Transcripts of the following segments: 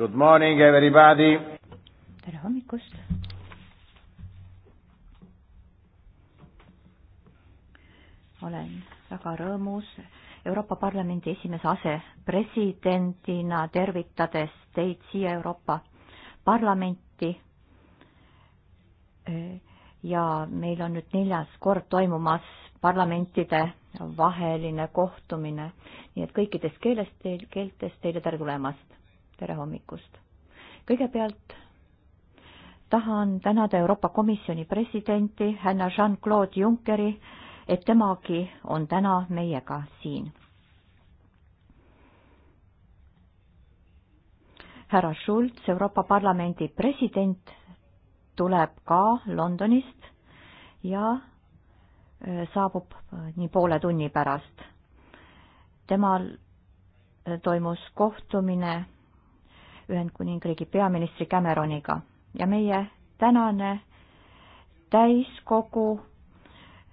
Good morning everybody. tere hommikust. olen väga rõõmus Euroopa Parlamendi esimese asepresidendina tervitades teid siia Euroopa Parlamenti. ja meil on nüüd neljas kord toimumas parlamentide vaheline kohtumine, nii et kõikidest keelest teil, keeltest teile tere tulemast tere hommikust! kõigepealt tahan tänada Euroopa Komisjoni presidenti härra Jean-Claude Junckeri, et temagi on täna meiega siin. härra Schulz, Euroopa Parlamendi president, tuleb ka Londonist ja äh, saabub äh, nii poole tunni pärast. temal äh, toimus kohtumine Ühendkuningriigi peaministri Cameroniga ja meie tänane täiskogu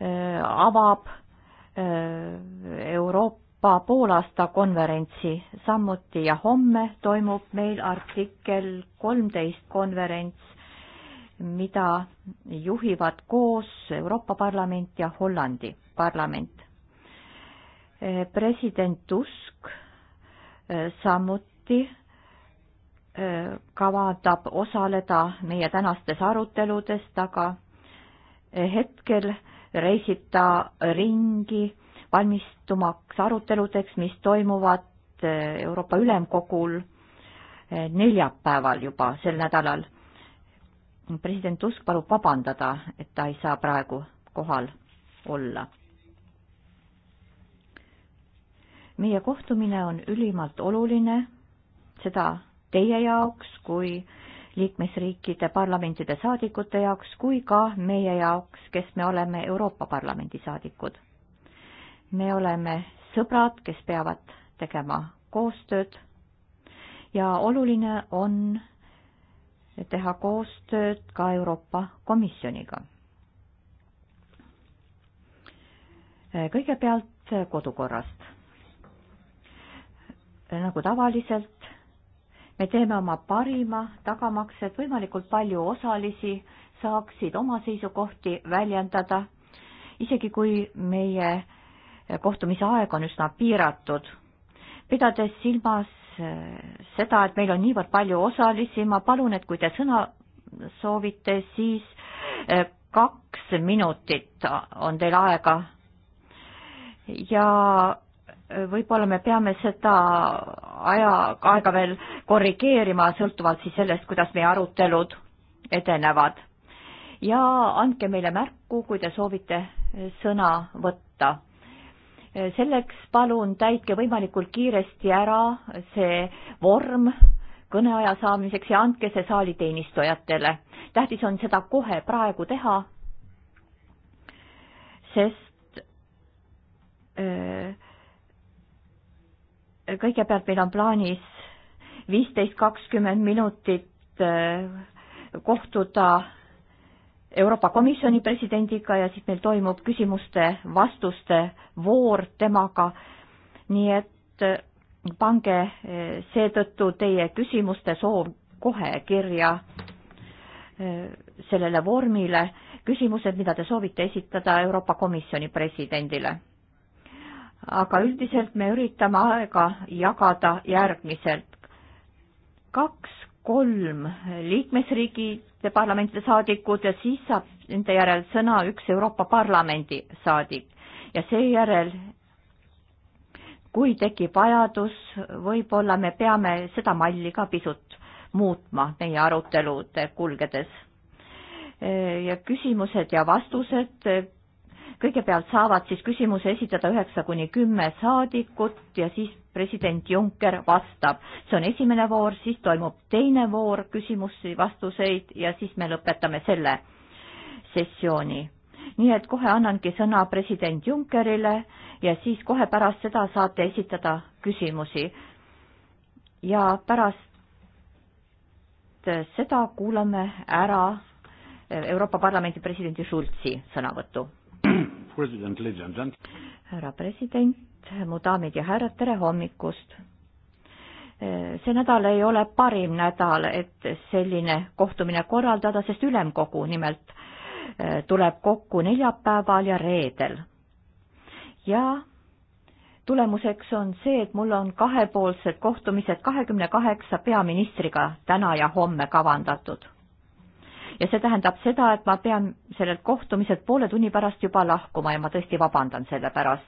äh, avab äh, Euroopa poolaasta konverentsi samuti ja homme toimub meil artikkel kolmteist konverents, mida juhivad koos Euroopa Parlament ja Hollandi parlament. Äh, president Tusk äh, samuti kavandab osaleda meie tänastes aruteludest, aga eh, hetkel reisib ta ringi valmistumaks aruteludeks, mis toimuvad eh, Euroopa Ülemkogul eh, neljapäeval juba sel nädalal. president Tusk palub vabandada, et ta ei saa praegu kohal olla. meie kohtumine on ülimalt oluline, seda teie jaoks kui liikmesriikide parlamentide saadikute jaoks kui ka meie jaoks, kes me oleme Euroopa Parlamendi saadikud. me oleme sõbrad, kes peavad tegema koostööd ja oluline on teha koostööd ka Euroopa Komisjoniga. kõigepealt kodukorrast. nagu tavaliselt me teeme oma parima, tagamaks, et võimalikult palju osalisi saaksid oma seisukohti väljendada, isegi kui meie kohtumise aeg on üsna piiratud. pidades silmas äh, seda, et meil on niivõrd palju osalisi, ma palun, et kui te sõna soovite, siis äh, kaks minutit on teil aega ja võib-olla me peame seda aja, aega veel korrigeerima, sõltuvalt siis sellest, kuidas meie arutelud edenevad. ja andke meile märku, kui te soovite sõna võtta. selleks palun täitke võimalikult kiiresti ära see vorm kõneaja saamiseks ja andke see saaliteenistujatele. tähtis on seda kohe praegu teha, sest öö, äh, kõigepealt meil on plaanis viisteist, kakskümmend minutit eh, kohtuda Euroopa Komisjoni presidendiga ja siis meil toimub küsimuste-vastuste voor temaga. nii et eh, pange eh, seetõttu teie küsimuste soov kohe kirja sellele vormile, küsimused, mida te soovite esitada Euroopa Komisjoni presidendile aga üldiselt me üritame aega jagada järgmiselt. kaks-kolm liikmesriigide parlamendi saadikud ja siis saab nende järel sõna üks Euroopa Parlamendi saadik ja seejärel kui tekib vajadus, võib-olla me peame seda malli ka pisut muutma meie arutelude kulgedes. ja küsimused ja vastused kõigepealt saavad siis küsimuse esitada üheksa kuni kümme saadikut ja siis president Juncker vastab. see on esimene voor, siis toimub teine voor küsimusi-vastuseid ja siis me lõpetame selle sessiooni. nii et kohe annangi sõna president Junckerile ja siis kohe pärast seda saate esitada küsimusi. ja pärast seda kuulame ära Euroopa Parlamendi presidendi Schulzi sõnavõtu härra president, mu daamid ja härrad, tere hommikust! see nädal ei ole parim nädal, et selline kohtumine korraldada, sest ülemkogu nimelt tuleb kokku neljapäeval ja reedel. ja tulemuseks on see, et mul on kahepoolsed kohtumised kahekümne kaheksa peaministriga täna ja homme kavandatud ja see tähendab seda, et ma pean sellelt kohtumiselt poole tunni pärast juba lahkuma ja ma tõesti vabandan selle pärast.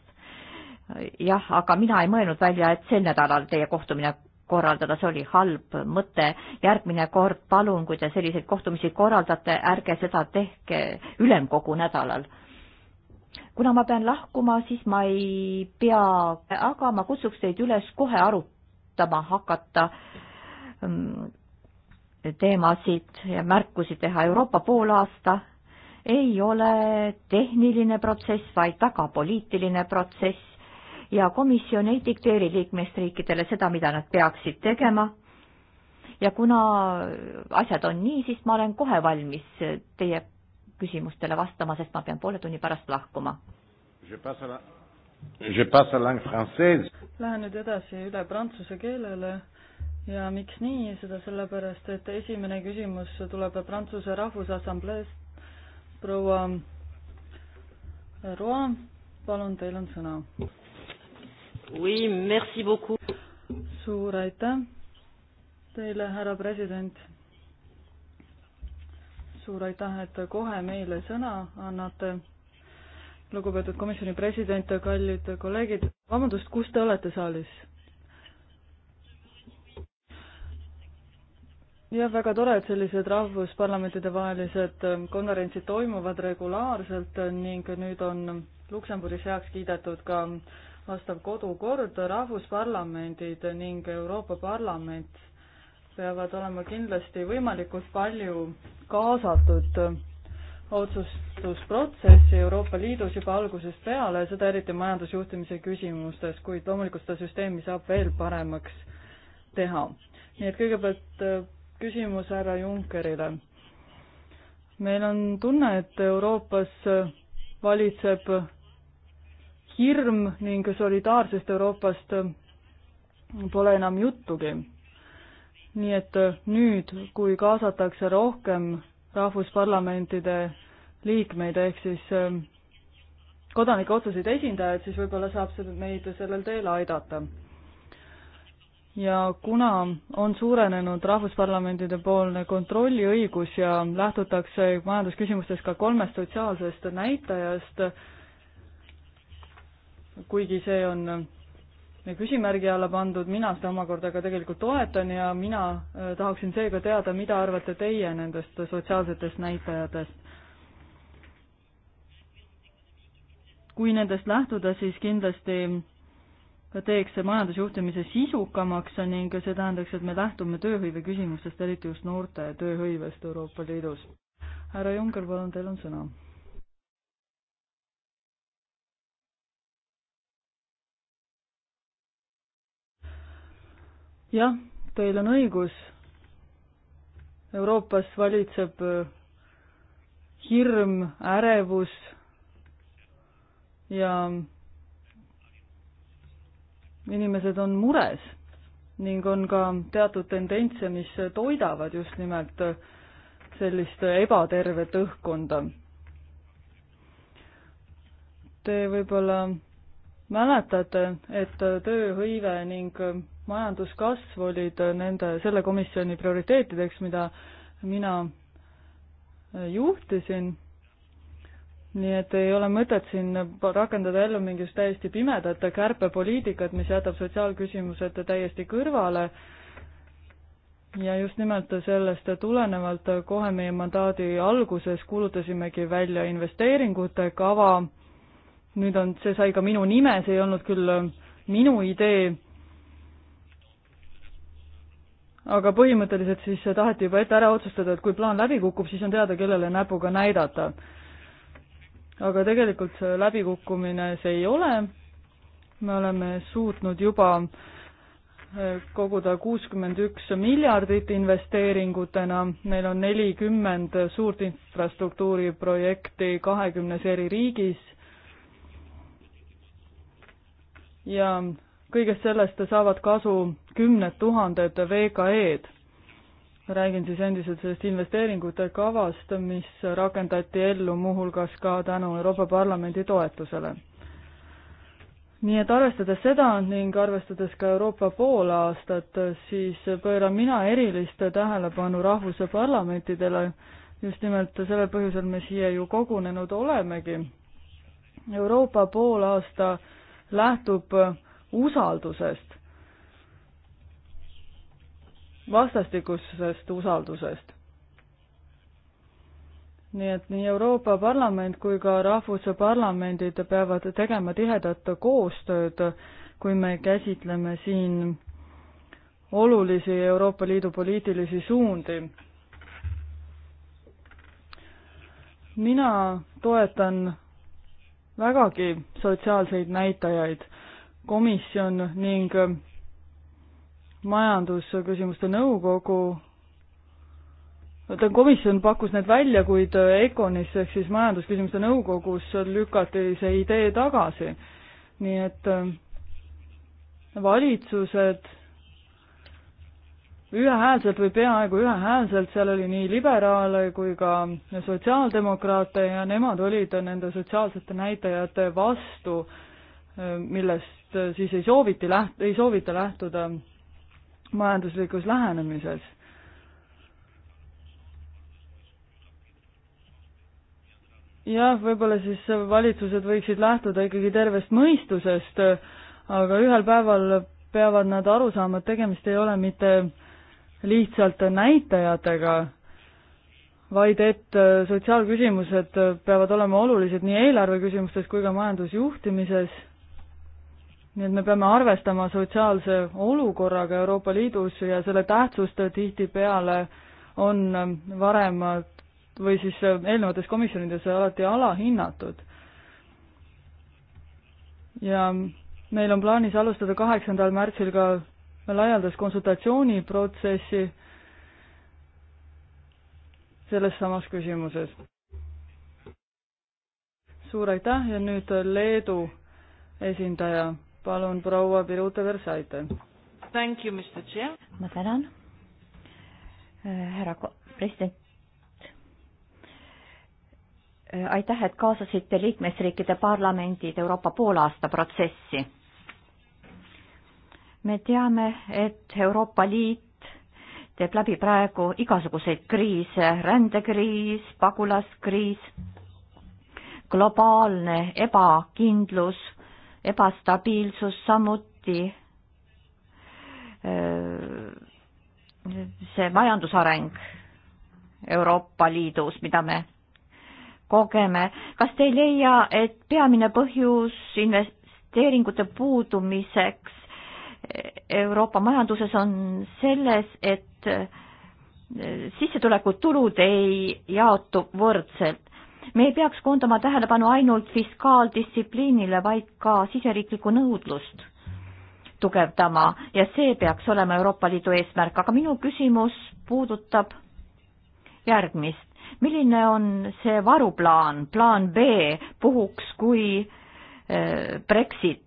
jah, aga mina ei mõelnud välja, et sel nädalal teie kohtumine korraldada, see oli halb mõte. järgmine kord palun, kui te selliseid kohtumisi korraldate, ärge seda tehke ülemkogu nädalal. kuna ma pean lahkuma, siis ma ei pea, aga ma kutsuks teid üles kohe arutama hakata mm, teemasid ja märkusi teha. Euroopa poolaasta ei ole tehniline protsess, vaid väga poliitiline protsess ja komisjon ei dikteeri liikmesriikidele seda, mida nad peaksid tegema. ja kuna asjad on nii, siis ma olen kohe valmis teie küsimustele vastama, sest ma pean poole tunni pärast lahkuma. Lähen nüüd edasi üle prantsuse keelele ja miks nii, seda sellepärast, et esimene küsimus tuleb Prantsuse Rahvusassambleest. proua Roa, palun, teil on sõna. Oui, merci beaucoup. suur aitäh teile, härra president. suur aitäh, et kohe meile sõna annate. lugupeetud komisjoni president, kallid kolleegid, vabandust, kus te olete saalis? jah, väga tore, et sellised rahvusparlamentide vahelised ähm, konverentsid toimuvad regulaarselt äh, ning nüüd on Luksemburgis heaks kiidetud ka vastav kodukord, rahvusparlamendid ning Euroopa Parlament peavad olema kindlasti võimalikult palju kaasatud äh, otsustusprotsessi Euroopa Liidus juba algusest peale, seda eriti majandusjuhtimise küsimustes, kuid loomulikult seda süsteemi saab veel paremaks teha. nii et kõigepealt äh, küsimus härra Junckerile. meil on tunne, et Euroopas valitseb hirm ning solidaarsest Euroopast pole enam juttugi. nii et nüüd, kui kaasatakse rohkem rahvusparlamentide liikmeid ehk siis ähm, kodanike otsuseid esindajaid, siis võib-olla saab seda, neid sellel teel aidata ja kuna on suurenenud rahvusparlamentide poolne kontrolliõigus ja lähtutakse majandusküsimustes ka kolmest sotsiaalsest näitajast, kuigi see on küsimärgi alla pandud, mina seda omakorda ka tegelikult toetan ja mina äh, tahaksin seega teada, mida arvate teie nendest sotsiaalsetest näitajatest. kui nendest lähtuda, siis kindlasti teeks majandusjuhtimise sisukamaks ning see tähendaks, et me lähtume tööhõive küsimustest, eriti just noorte tööhõivest Euroopa Liidus. härra Juncker, palun, teil on sõna. jah, teil on õigus. Euroopas valitseb äh, hirm, ärevus ja inimesed on mures ning on ka teatud tendentse, mis toidavad just nimelt sellist ebatervet õhkkonda. Te võib-olla mäletate, et tööhõive ning majanduskasv olid nende, selle komisjoni prioriteetideks, mida mina juhtisin nii et ei ole mõtet siin rakendada ellu mingit täiesti pimedat kärpepoliitikat, mis jätab sotsiaalküsimused täiesti kõrvale. ja just nimelt sellest tulenevalt kohe meie mandaadi alguses kuulutasimegi välja investeeringute kava. nüüd on, see sai ka minu nime, see ei olnud küll minu idee. aga põhimõtteliselt siis taheti juba ette ära otsustada, et kui plaan läbi kukub, siis on teada, kellele näpuga näidata aga tegelikult see läbikukkumine see ei ole. me oleme suutnud juba eh, koguda kuuskümmend üks miljardit investeeringutena, meil on nelikümmend suurt infrastruktuuriprojekti kahekümnes eri riigis. ja kõigest sellest saavad kasu kümned tuhanded VKE-d räägin siis endiselt sellest investeeringute kavast, mis rakendati ellu muuhulgas ka tänu Euroopa Parlamendi toetusele. nii et arvestades seda ning arvestades ka Euroopa poolaastat, siis pööran mina erilist tähelepanu rahvuse parlamentidele, just nimelt sellel põhjusel me siia ju kogunenud olemegi. Euroopa poolaasta lähtub usaldusest vastastikusest usaldusest. nii et nii Euroopa Parlament kui ka rahvusparlamendid peavad tegema tihedat koostööd, kui me käsitleme siin olulisi Euroopa Liidu poliitilisi suundi. mina toetan vägagi sotsiaalseid näitajaid. komisjon ning majandusküsimuste nõukogu, tähendab, komisjon pakkus need välja, kuid ECONis ehk siis majandusküsimuste nõukogus lükati see idee tagasi. nii et äh, valitsused ühehäälselt või peaaegu ühehäälselt, seal oli nii liberaale kui ka sotsiaaldemokraate ja nemad olid nende sotsiaalsete näitajate vastu, äh, millest siis ei sooviti läht-, ei soovita lähtuda majanduslikus lähenemises. jah, võib-olla siis valitsused võiksid lähtuda ikkagi tervest mõistusest, aga ühel päeval peavad nad aru saama, et tegemist ei ole mitte lihtsalt näitajatega, vaid et sotsiaalküsimused peavad olema olulised nii eelarve küsimustes kui ka majandusjuhtimises nii et me peame arvestama sotsiaalse olukorraga Euroopa Liidus ja selle tähtsust tihtipeale on varem või siis eelnevates komisjonides alati alahinnatud. ja meil on plaanis alustada kaheksandal märtsil ka laialdas konsultatsiooniprotsessi selles samas küsimuses. suur aitäh ja nüüd Leedu esindaja palun, proua Piruta Versaite. Thank you, Mr Chair. ma tänan. Äh, härra president äh, aitäh, et kaasasite liikmesriikide parlamendid Euroopa poolaasta protsessi. me teame, et Euroopa Liit teeb läbi praegu igasuguseid kriise, rändekriis, pagulaskriis, globaalne ebakindlus ebastabiilsus samuti, see majandusareng Euroopa Liidus, mida me kogeme, kas te ei leia, et peamine põhjus investeeringute puudumiseks Euroopa majanduses on selles, et sissetulekud, tulud ei jaotu võrdselt me ei peaks koondama tähelepanu ainult fiskaaldistsipliinile, vaid ka siseriiklikku nõudlust tugevdama ja see peaks olema Euroopa Liidu eesmärk, aga minu küsimus puudutab järgmist. milline on see varuplaan, plaan B puhuks, kui eh, Brexit,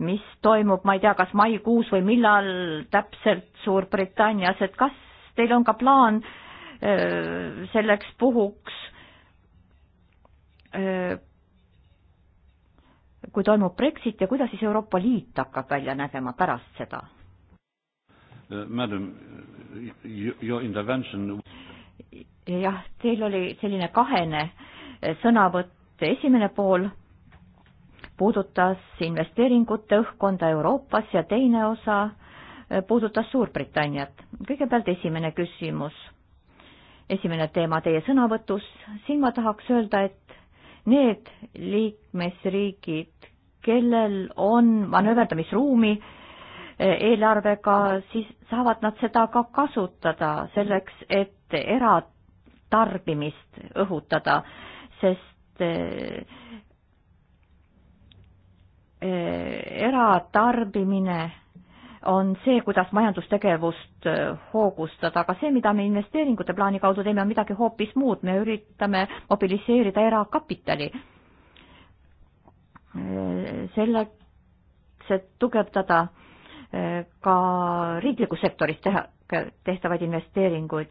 mis toimub, ma ei tea, kas maikuus või millal täpselt Suurbritannias, et kas teil on ka plaan eh, selleks puhuks Äh, kui toimub Brexit ja kuidas siis Euroopa Liit hakkab välja nägema pärast seda? Äh, madam, your intervention jah, teil oli selline kahene äh, sõnavõtt, esimene pool puudutas investeeringute õhkkonda Euroopas ja teine osa puudutas Suurbritanniat. kõigepealt esimene küsimus, esimene teema teie sõnavõtus, siin ma tahaks öelda, et need liikmesriigid, kellel on manööverdamisruumi eh, eelarvega, siis saavad nad seda ka kasutada selleks, et eratarbimist õhutada, sest eh, eh, eratarbimine on see, kuidas majandustegevust äh, hoogustada, aga see, mida me investeeringute plaani kaudu teeme, on midagi hoopis muud, me üritame mobiliseerida erakapitali äh, selleks, et tugevdada äh, ka riiklikus sektoris teha, tehtavaid investeeringuid.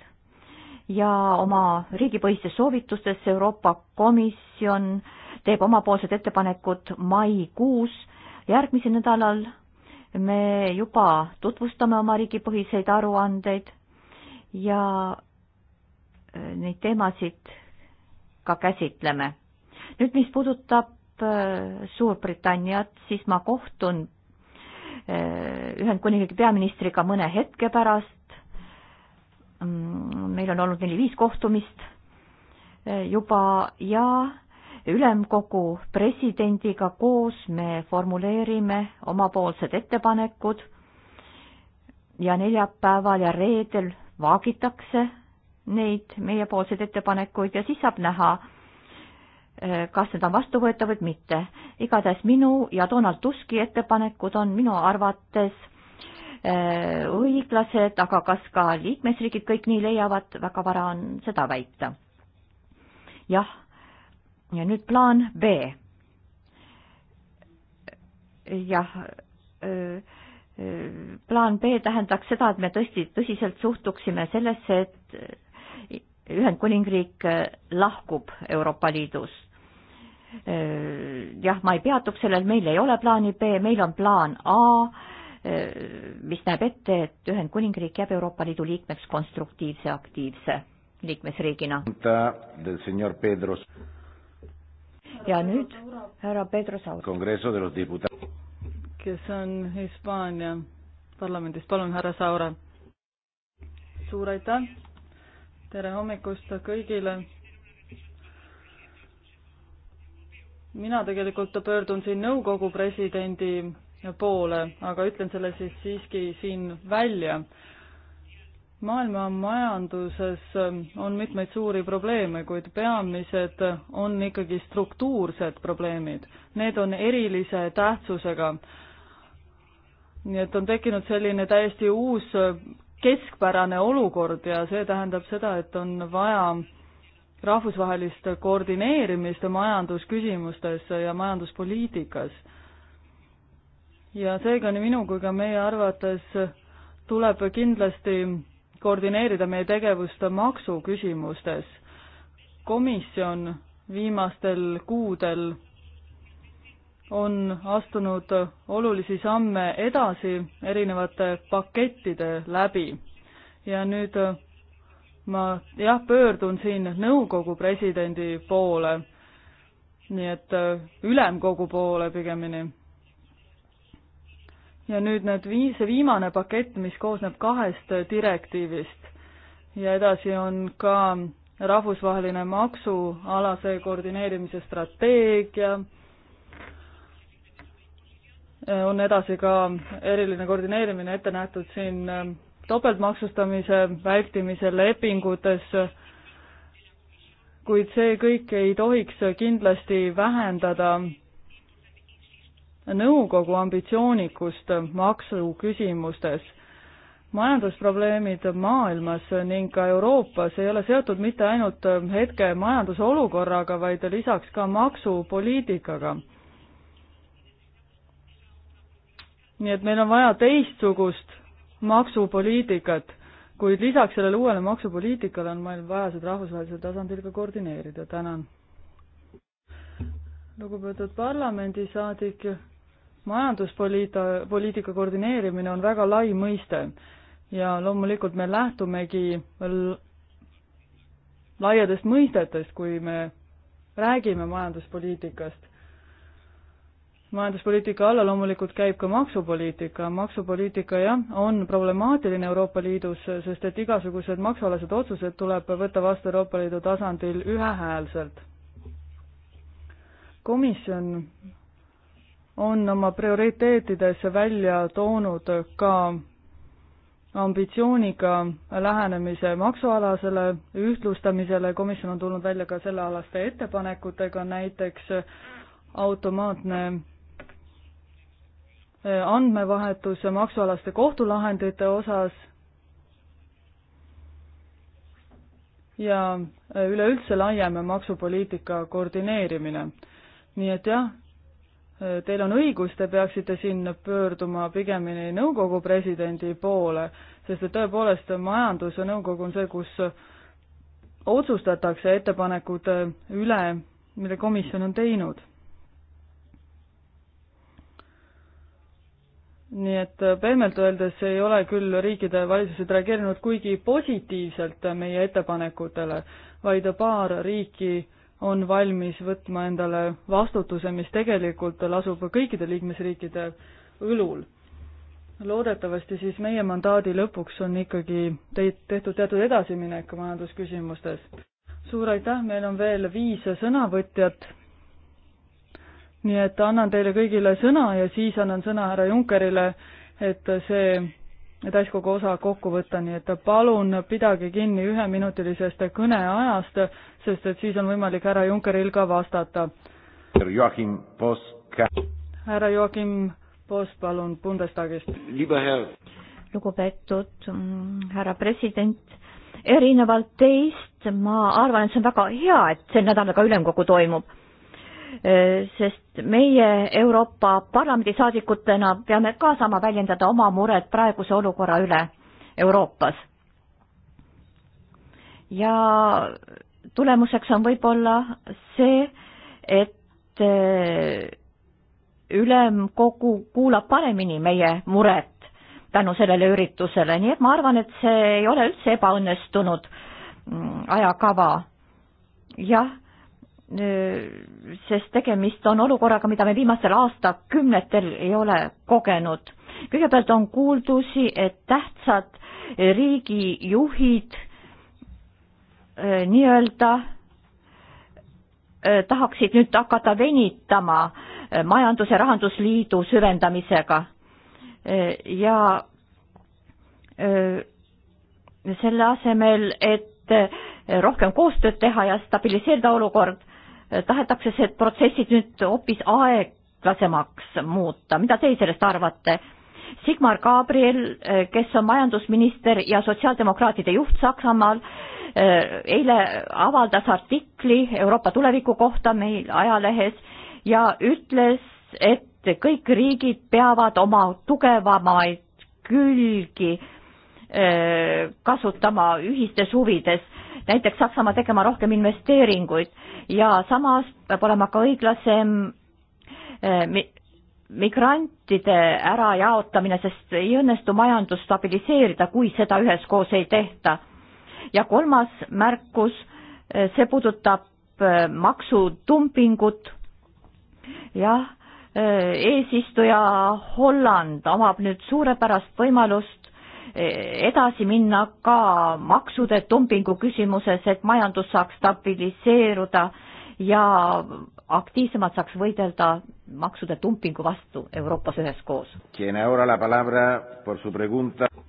ja oma riigipõhistes soovitustes Euroopa Komisjon teeb omapoolsed ettepanekud maikuus, järgmisel nädalal me juba tutvustame oma riigipõhiseid aruandeid ja äh, neid teemasid ka käsitleme. nüüd, mis puudutab äh, Suurbritanniat, siis ma kohtun äh, Ühendkuningriigi peaministriga mõne hetke pärast. Mm, meil on olnud neli-viis kohtumist juba ja ülemkogu presidendiga koos me formuleerime omapoolsed ettepanekud ja neljapäeval ja reedel vaagitakse neid meiepoolseid ettepanekuid ja siis saab näha, eh, kas need on vastuvõetavad või mitte. igatahes minu ja Donald Tuski ettepanekud on minu arvates eh, õiglased, aga kas ka liikmesriigid kõik nii leiavad, väga vara on seda väita. jah ja nüüd plaan B. jah, äh, äh, plaan B tähendaks seda, et me tõesti tõsiselt suhtuksime sellesse, et Ühendkuningriik äh, lahkub Euroopa Liidust jah, ma ei peatuks sellel, meil ei ole plaani B, meil on plaan A, mis näeb ette, et Ühendkuningriik jääb Euroopa Liidu liikmeks konstruktiivse aktiivse liikmesriigina ja nüüd härra Pedro Saur. kes on Hispaania parlamendist, palun härra Saura. suur aitäh, tere hommikust kõigile. mina tegelikult pöördun siin nõukogu presidendi poole, aga ütlen selle siis siiski siin välja maailma majanduses ähm, on mitmeid suuri probleeme, kuid peamised on ikkagi struktuursed probleemid. Need on erilise tähtsusega. nii et on tekkinud selline täiesti uus äh, keskpärane olukord ja see tähendab seda, et on vaja rahvusvahelist koordineerimist majandusküsimustes ja majanduspoliitikas. ja seega nii minu kui ka meie arvates tuleb kindlasti koordineerida meie tegevust maksuküsimustes. komisjon viimastel kuudel on astunud olulisi samme edasi erinevate pakettide läbi ja nüüd ma jah, pöördun siin nõukogu presidendi poole, nii et ülemkogu poole pigemini ja nüüd need vii-, see viimane pakett, mis koosneb kahest direktiivist ja edasi on ka rahvusvaheline maksualase koordineerimise strateegia, on edasi ka eriline koordineerimine ette nähtud siin ähm, topeltmaksustamise vältimise lepingutes, kuid see kõik ei tohiks kindlasti vähendada nõukogu ambitsioonikust maksuküsimustes. majandusprobleemid maailmas ning ka Euroopas ei ole seotud mitte ainult hetke majanduse olukorraga, vaid lisaks ka maksupoliitikaga nii et meil on vaja teistsugust maksupoliitikat, kuid lisaks sellele uuele maksupoliitikale on meil vaja seda rahvusvahelisel tasandil ka koordineerida, tänan. lugupeetud parlamendisaadik majanduspoliita, poliitika koordineerimine on väga lai mõiste ja loomulikult me lähtumegi laiadest mõistetest, kui me räägime majanduspoliitikast. majanduspoliitika alla loomulikult käib ka maksupoliitika, maksupoliitika jah, on problemaatiline Euroopa Liidus, sest et igasugused maksualased otsused tuleb võtta vastu Euroopa Liidu tasandil ühehäälselt. komisjon on oma prioriteetides välja toonud ka ambitsiooniga lähenemise maksualasele ühtlustamisele, komisjon on tulnud välja ka sellealaste ettepanekutega, näiteks automaatne eh, andmevahetus maksualaste kohtulahendite osas ja eh, üleüldse laiem maksupoliitika koordineerimine. nii et jah, Teil on õigus, te peaksite siin pöörduma pigemini nõukogu presidendi poole, sest et tõepoolest majandus ja nõukogu on see, kus otsustatakse ettepanekute üle, mille komisjon on teinud. nii et pehmelt öeldes ei ole küll riikide valitsused reageerinud kuigi positiivselt meie ettepanekutele, vaid paar riiki on valmis võtma endale vastutuse, mis tegelikult lasub kõikide liikmesriikide õlul. loodetavasti siis meie mandaadi lõpuks on ikkagi tehtud teatud edasiminek majandusküsimustes. suur aitäh, meil on veel viis sõnavõtjat. nii et annan teile kõigile sõna ja siis annan sõna härra Junckerile, et see täiskogu osa kokku võtta, nii et palun pidage kinni üheminutilisest kõneajast, sest et siis on võimalik härra Junckeril ka vastata. härra Joachim Post, palun Bundestagist. lugupeetud mm, härra president, erinevalt teist ma arvan, et see on väga hea, et sel nädalal ka ülemkogu toimub Äh, sest meie Euroopa Parlamendi saadikutena peame ka saama väljendada oma muret praeguse olukorra üle Euroopas. ja tulemuseks on võib-olla see, et äh, ülemkogu kuulab paremini meie muret tänu sellele üritusele, nii et ma arvan, et see ei ole üldse ebaõnnestunud mm, ajakava. jah Äh, sest tegemist on olukorraga, mida me viimastel aastakümnetel ei ole kogenud. kõigepealt on kuuldusi, et tähtsad riigijuhid äh, nii-öelda äh, tahaksid nüüd hakata venitama majandus- ja rahandusliidu süvendamisega ja selle asemel, et rohkem koostööd teha ja stabiliseerida olukord, tahetakse see protsessid nüüd hoopis aeglasemaks muuta, mida teie sellest arvate? Sigmar Gabriel, kes on majandusminister ja sotsiaaldemokraatide juht Saksamaal, eile avaldas artikli Euroopa tuleviku kohta meil ajalehes ja ütles, et kõik riigid peavad oma tugevamaid külgi äh, Äh, kasutama ühistes huvides, näiteks Saksamaa tegema rohkem investeeringuid ja samas peab olema ka õiglasem äh, migrantide ärajaotamine, sest ei õnnestu majandust stabiliseerida, kui seda üheskoos ei tehta. ja kolmas märkus, äh, see puudutab maksutumpingut. jah, eesistuja Holland omab nüüd suurepärast võimalust edasi minna ka maksude dumpingu küsimuses, et majandus saaks stabiliseeruda ja aktiivsemalt saaks võidelda maksude dumpingu vastu Euroopas üheskoos.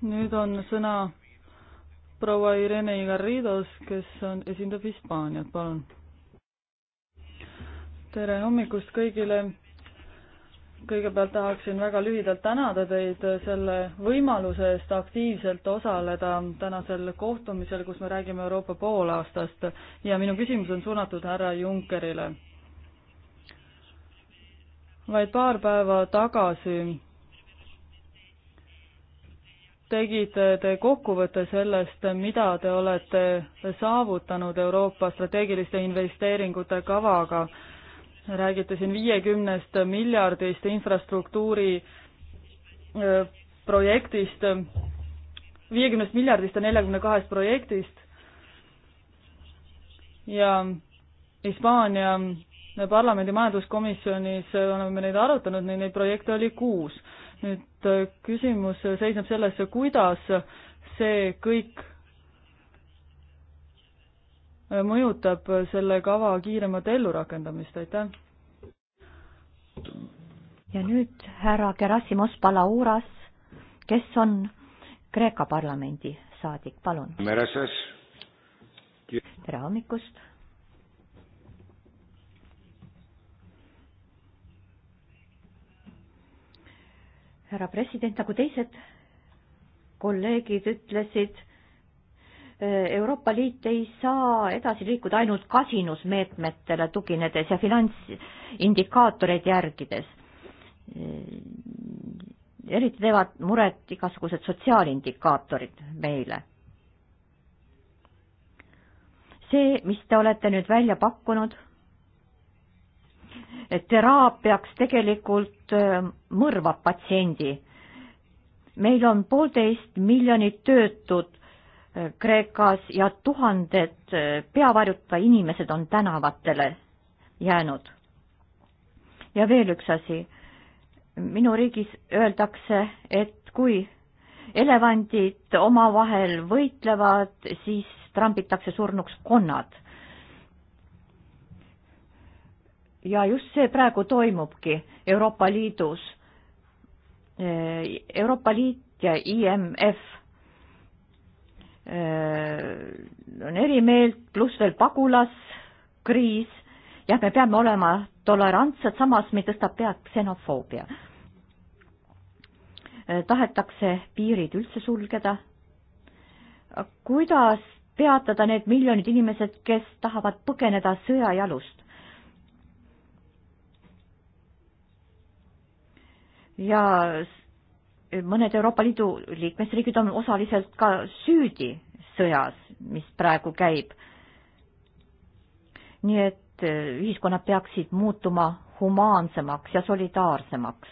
nüüd on sõna proua Irene Igarridos, kes on, esindab Hispaaniat, palun. tere hommikust kõigile kõigepealt tahaksin väga lühidalt tänada teid selle võimaluse eest aktiivselt osaleda tänasel kohtumisel, kus me räägime Euroopa poolaastast ja minu küsimus on suunatud härra Junckerile. vaid paar päeva tagasi tegite te kokkuvõtte sellest, mida te olete saavutanud Euroopa strateegiliste investeeringute kavaga räägiti siin viiekümnest miljardist infrastruktuuri äh, projektist, viiekümnest miljardist ja neljakümne kahest projektist ja Hispaania parlamendi majanduskomisjonis oleme neid arutanud, neid projekte oli kuus. nüüd äh, küsimus seisneb selles, kuidas see kõik mõjutab selle kava kiiremat ellurakendamist, aitäh! ja nüüd härra Gerassimos Palauras, kes on Kreeka parlamendi saadik, palun. tere hommikust. härra president, nagu teised kolleegid ütlesid, Äh, Euroopa Liit ei saa edasi liikuda ainult kasinusmeetmetele tuginedes ja finantsindikaatoreid järgides. Äh, eriti teevad muret igasugused sotsiaalindikaatorid meile. see, mis te olete nüüd välja pakkunud, teraapiaks tegelikult äh, mõrvab patsiendi. meil on poolteist miljonit töötut Kreekas ja tuhanded eh, peavarjuta inimesed on tänavatele jäänud. ja veel üks asi. minu riigis öeldakse, et kui elevandid omavahel võitlevad, siis trambitakse surnuks konnad. ja just see praegu toimubki Euroopa Liidus. Eh, Euroopa Liit ja IMF Äh, on eri meelt, pluss veel pagulaskriis. jah, me peame olema tolerantsed, samas meil tõstab pead ksenofoobia. Äh, tahetakse piirid üldse sulgeda. kuidas peatada need miljonid inimesed, kes tahavad põgeneda sõjajalust? ja mõned Euroopa Liidu liikmesriigid on osaliselt ka süüdi sõjas, mis praegu käib. nii et äh, ühiskonnad peaksid muutuma humaansemaks ja solidaarsemaks.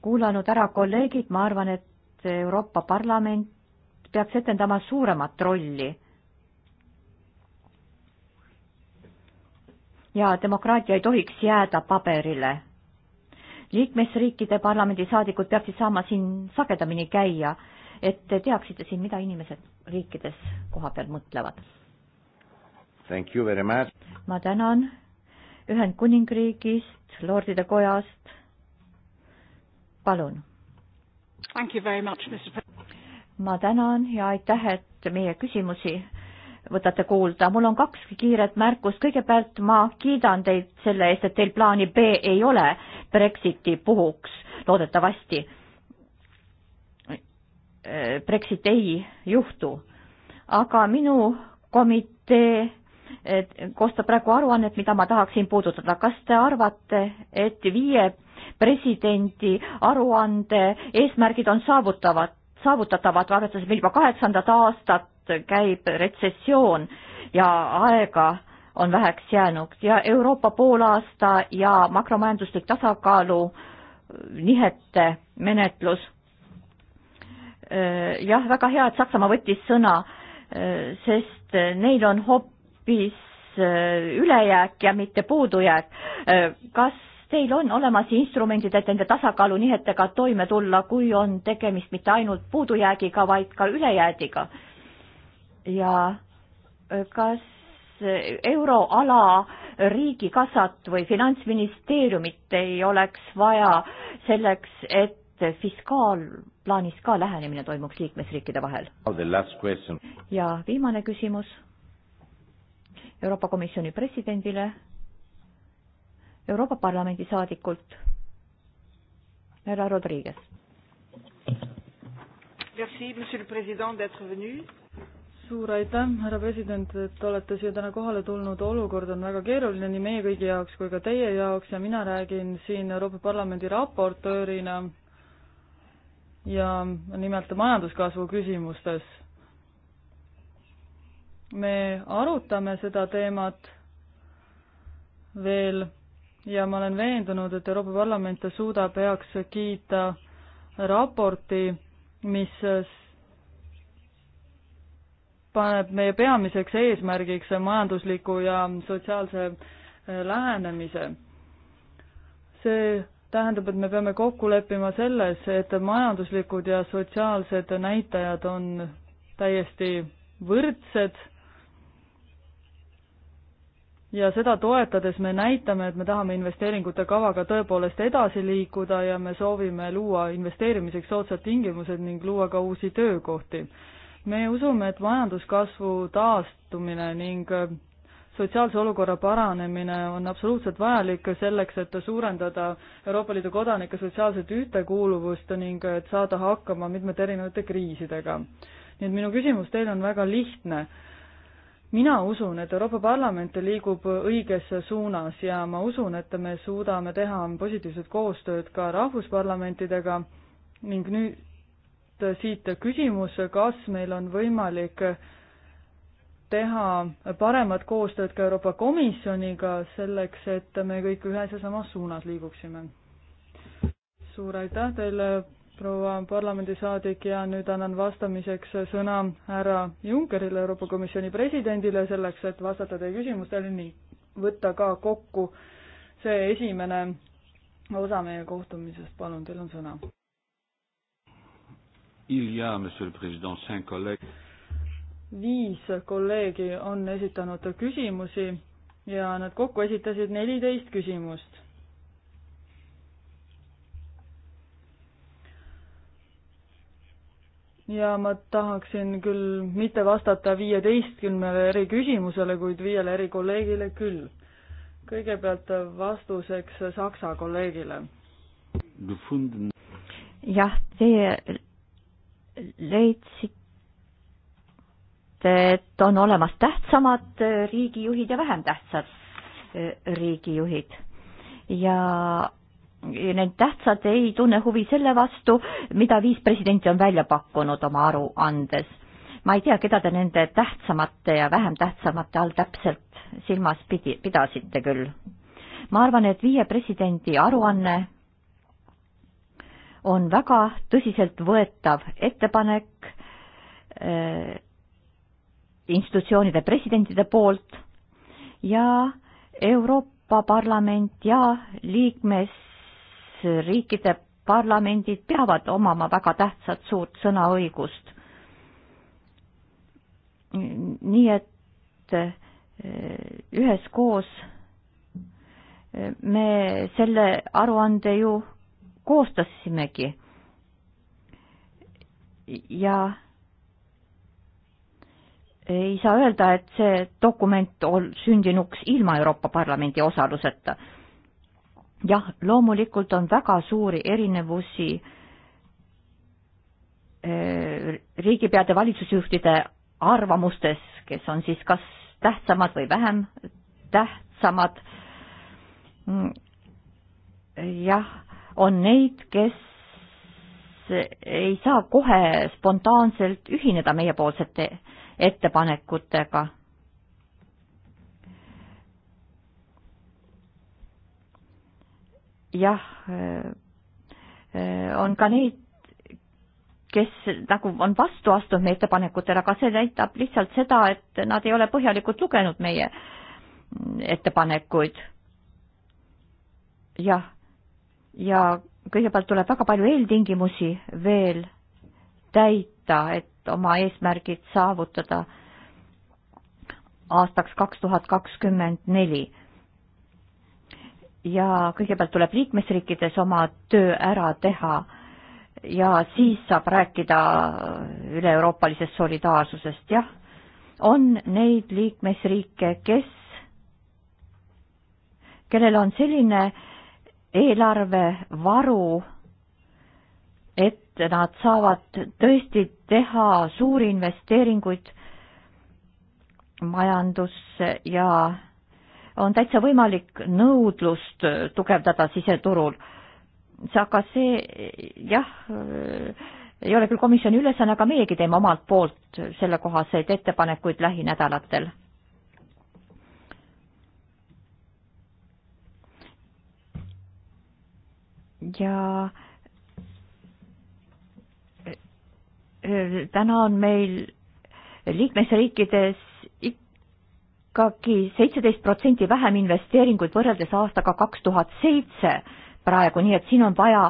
kuulanud ära kolleegid, ma arvan, et Euroopa Parlament peaks etendama suuremat rolli. ja demokraatia ei tohiks jääda paberile liikmesriikide parlamendisaadikud peaksid saama siin sagedamini käia, et te teaksite siin, mida inimesed riikides koha peal mõtlevad. ma tänan Ühendkuningriigist, Lordide Kojast. palun. ma tänan ja aitäh, et meie küsimusi võtate kuulda. mul on kaks kiiret märkust. kõigepealt ma kiidan teid selle eest, et teil plaani B ei ole Brexiti puhuks loodetavasti. Brexit ei juhtu, aga minu komitee koostab praegu aruannet, mida ma tahaksin puudutada. kas te arvate, et viie presidendi aruande eesmärgid on saavutavad, saavutatavad, arvestades meil juba kaheksandat aastat käib retsessioon ja aega on väheks jäänud ja Euroopa poolaasta ja makromajanduslik tasakaalu äh, nihete menetlus. Äh, jah, väga hea, et Saksamaa võttis sõna, äh, sest neil on hoopis ülejääk ja mitte puudujääk. kas teil on olemas instrumendid, et nende tasakaalunihetega toime tulla, kui on tegemist mitte ainult puudujäägiga, vaid ka ülejäägiga? ja kas euroala riigikassat või finantsministeeriumit ei oleks vaja selleks, et fiskaalplaanis ka lähenemine toimuks liikmesriikide vahel. Oh, ja viimane küsimus Euroopa Komisjoni presidendile, Euroopa Parlamendi saadikult, härra Rodriguez. Merci, monsieur le president, d'être venu suur aitäh, härra president, et olete siia täna kohale tulnud, olukord on väga keeruline nii meie kõigi jaoks kui ka teie jaoks ja mina räägin siin Euroopa Parlamendi raportöörina ja nimelt majanduskasvu küsimustes. me arutame seda teemat veel ja ma olen veendunud, et Euroopa Parlament suudab heaks kiita raporti, mis paneb meie peamiseks eesmärgiks majandusliku ja sotsiaalse äh, lähenemise. see tähendab, et me peame kokku leppima selles, et majanduslikud ja sotsiaalsed näitajad on täiesti võrdsed ja seda toetades me näitame, et me tahame investeeringute kavaga tõepoolest edasi liikuda ja me soovime luua investeerimiseks soodsad tingimused ning luua ka uusi töökohti me usume, et majanduskasvu taastumine ning äh, sotsiaalse olukorra paranemine on absoluutselt vajalik selleks, et suurendada Euroopa Liidu kodanike sotsiaalset ühtekuuluvust ning äh, et saada hakkama mitmete erinevate kriisidega. nii et minu küsimus teile on väga lihtne. mina usun, et Euroopa Parlament liigub õiges suunas ja ma usun, et me suudame teha positiivset koostööd ka rahvusparlamentidega ning nüüd siit küsimus, kas meil on võimalik teha paremat koostööd ka Euroopa Komisjoniga selleks, et me kõik ühes ja samas suunas liiguksime. suur aitäh teile, proua parlamendisaadik ja nüüd annan vastamiseks sõna härra Junckerile, Euroopa Komisjoni presidendile, selleks et vastata teie küsimustele ning võtta ka kokku see esimene osa meie kohtumisest, palun, teil on sõna. Il y a, monsieur le president, cinq kolleeg. viis kolleegi on esitanud küsimusi ja nad kokku esitasid neliteist küsimust. ja ma tahaksin küll mitte vastata viieteistkümnele eri küsimusele, kuid viiele eri kolleegile küll. kõigepealt vastuseks Saksa kolleegile. jah, see leidsite, et on olemas tähtsamad riigijuhid ja vähem tähtsad äh, riigijuhid ja need tähtsad ei tunne huvi selle vastu, mida viis presidenti on välja pakkunud oma aruandes. ma ei tea, keda te nende tähtsamate ja vähem tähtsamate all täpselt silmas pidi, pidasite küll. ma arvan, et viie presidendi aruanne on väga tõsiseltvõetav ettepanek äh, institutsioonide presidentide poolt ja Euroopa Parlament ja liikmesriikide parlamendid peavad omama väga tähtsat suurt sõnaõigust. nii et äh, üheskoos äh, me selle aruande ju koostasimegi. ja ei saa öelda, et see dokument on sündinuks ilma Euroopa Parlamendi osaluseta. jah, loomulikult on väga suuri erinevusi eh, riigipeade valitsusjuhtide arvamustes, kes on siis kas tähtsamad või vähem tähtsamad. Mm, jah, on neid, kes ei saa kohe spontaanselt ühineda meiepoolsete ettepanekutega. jah, on ka neid, kes nagu on vastu astunud meie ettepanekutele, aga see näitab lihtsalt seda, et nad ei ole põhjalikult lugenud meie ettepanekuid. jah ja kõigepealt tuleb väga palju eeltingimusi veel täita, et oma eesmärgid saavutada aastaks kaks tuhat kakskümmend neli. ja kõigepealt tuleb liikmesriikides oma töö ära teha ja siis saab rääkida üle-euroopalisest solidaarsusest, jah. on neid liikmesriike, kes, kellel on selline äh, eelarvevaru, et nad saavad tõesti teha suuri investeeringuid majandusse ja on täitsa võimalik nõudlust tugevdada siseturul. aga see jah, ei ole küll komisjoni ülesanne, aga meiegi teeme omalt poolt sellekohaseid ettepanekuid lähinädalatel ja äh, täna on meil liikmesriikides ikkagi seitseteist protsenti vähem investeeringuid võrreldes aastaga kaks tuhat seitse praegu, nii et siin on vaja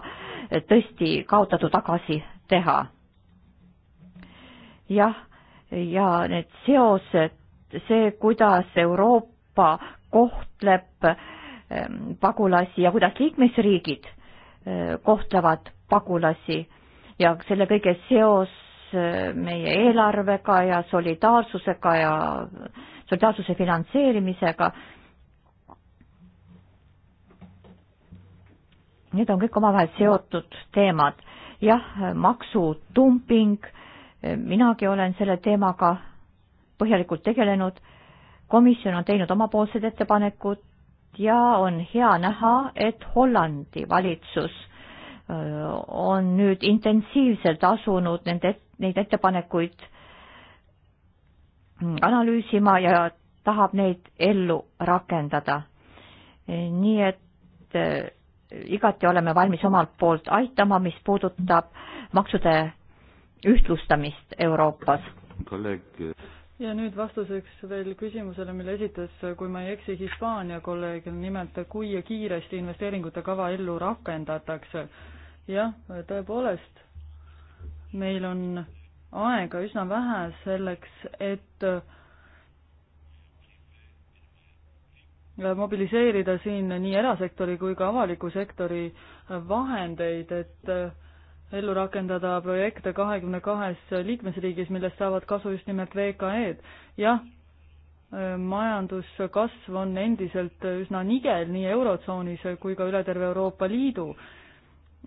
tõesti kaotadu tagasi teha. jah, ja need seosed, see, kuidas Euroopa kohtleb ähm, pagulasi ja kuidas liikmesriigid Eh, kohtlevad pagulasi ja selle kõige seos eh, meie eelarvega ja solidaarsusega ja solidaarsuse finantseerimisega. Need on kõik omavahel seotud teemad. jah, maksutumping, eh, minagi olen selle teemaga põhjalikult tegelenud. komisjon on teinud omapoolsed ettepanekud ja on hea näha, et Hollandi valitsus on nüüd intensiivselt asunud nende, neid ettepanekuid mm, analüüsima ja tahab neid ellu rakendada. nii et igati oleme valmis omalt poolt aitama, mis puudutab maksude ühtlustamist Euroopas. kolleeg ja nüüd vastuseks veel küsimusele, mille esitas, kui ma ei eksi, Hispaania kolleeg, nimelt kui kiiresti investeeringute kava ellu rakendatakse. jah, tõepoolest, meil on aega üsna vähe selleks, et mobiliseerida siin nii erasektori kui ka avaliku sektori vahendeid, et ellu rakendada projekte kahekümne kahes liikmesriigis, millest saavad kasu just nimelt VKE-d. jah, majanduskasv on endiselt üsna nigel nii Eurotsoonis kui ka üle terve Euroopa Liidu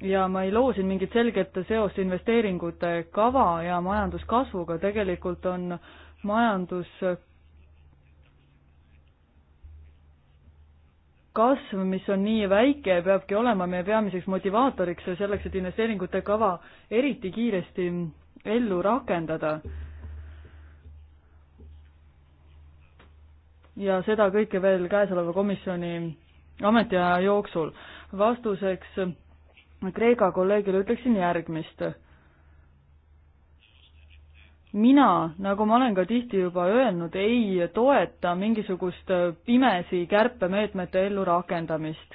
ja ma ei loo siin mingit selget seost investeeringute kava ja majanduskasvuga, tegelikult on majandus kasv, mis on nii väike, peabki olema meie peamiseks motivaatoriks ja selleks, et investeeringute kava eriti kiiresti ellu rakendada. ja seda kõike veel käesoleva komisjoni ametiaja jooksul. vastuseks Kreeka kolleegile ütleksin järgmist mina, nagu ma olen ka tihti juba öelnud, ei toeta mingisugust pimesi kärpemeetmete ellurakendamist.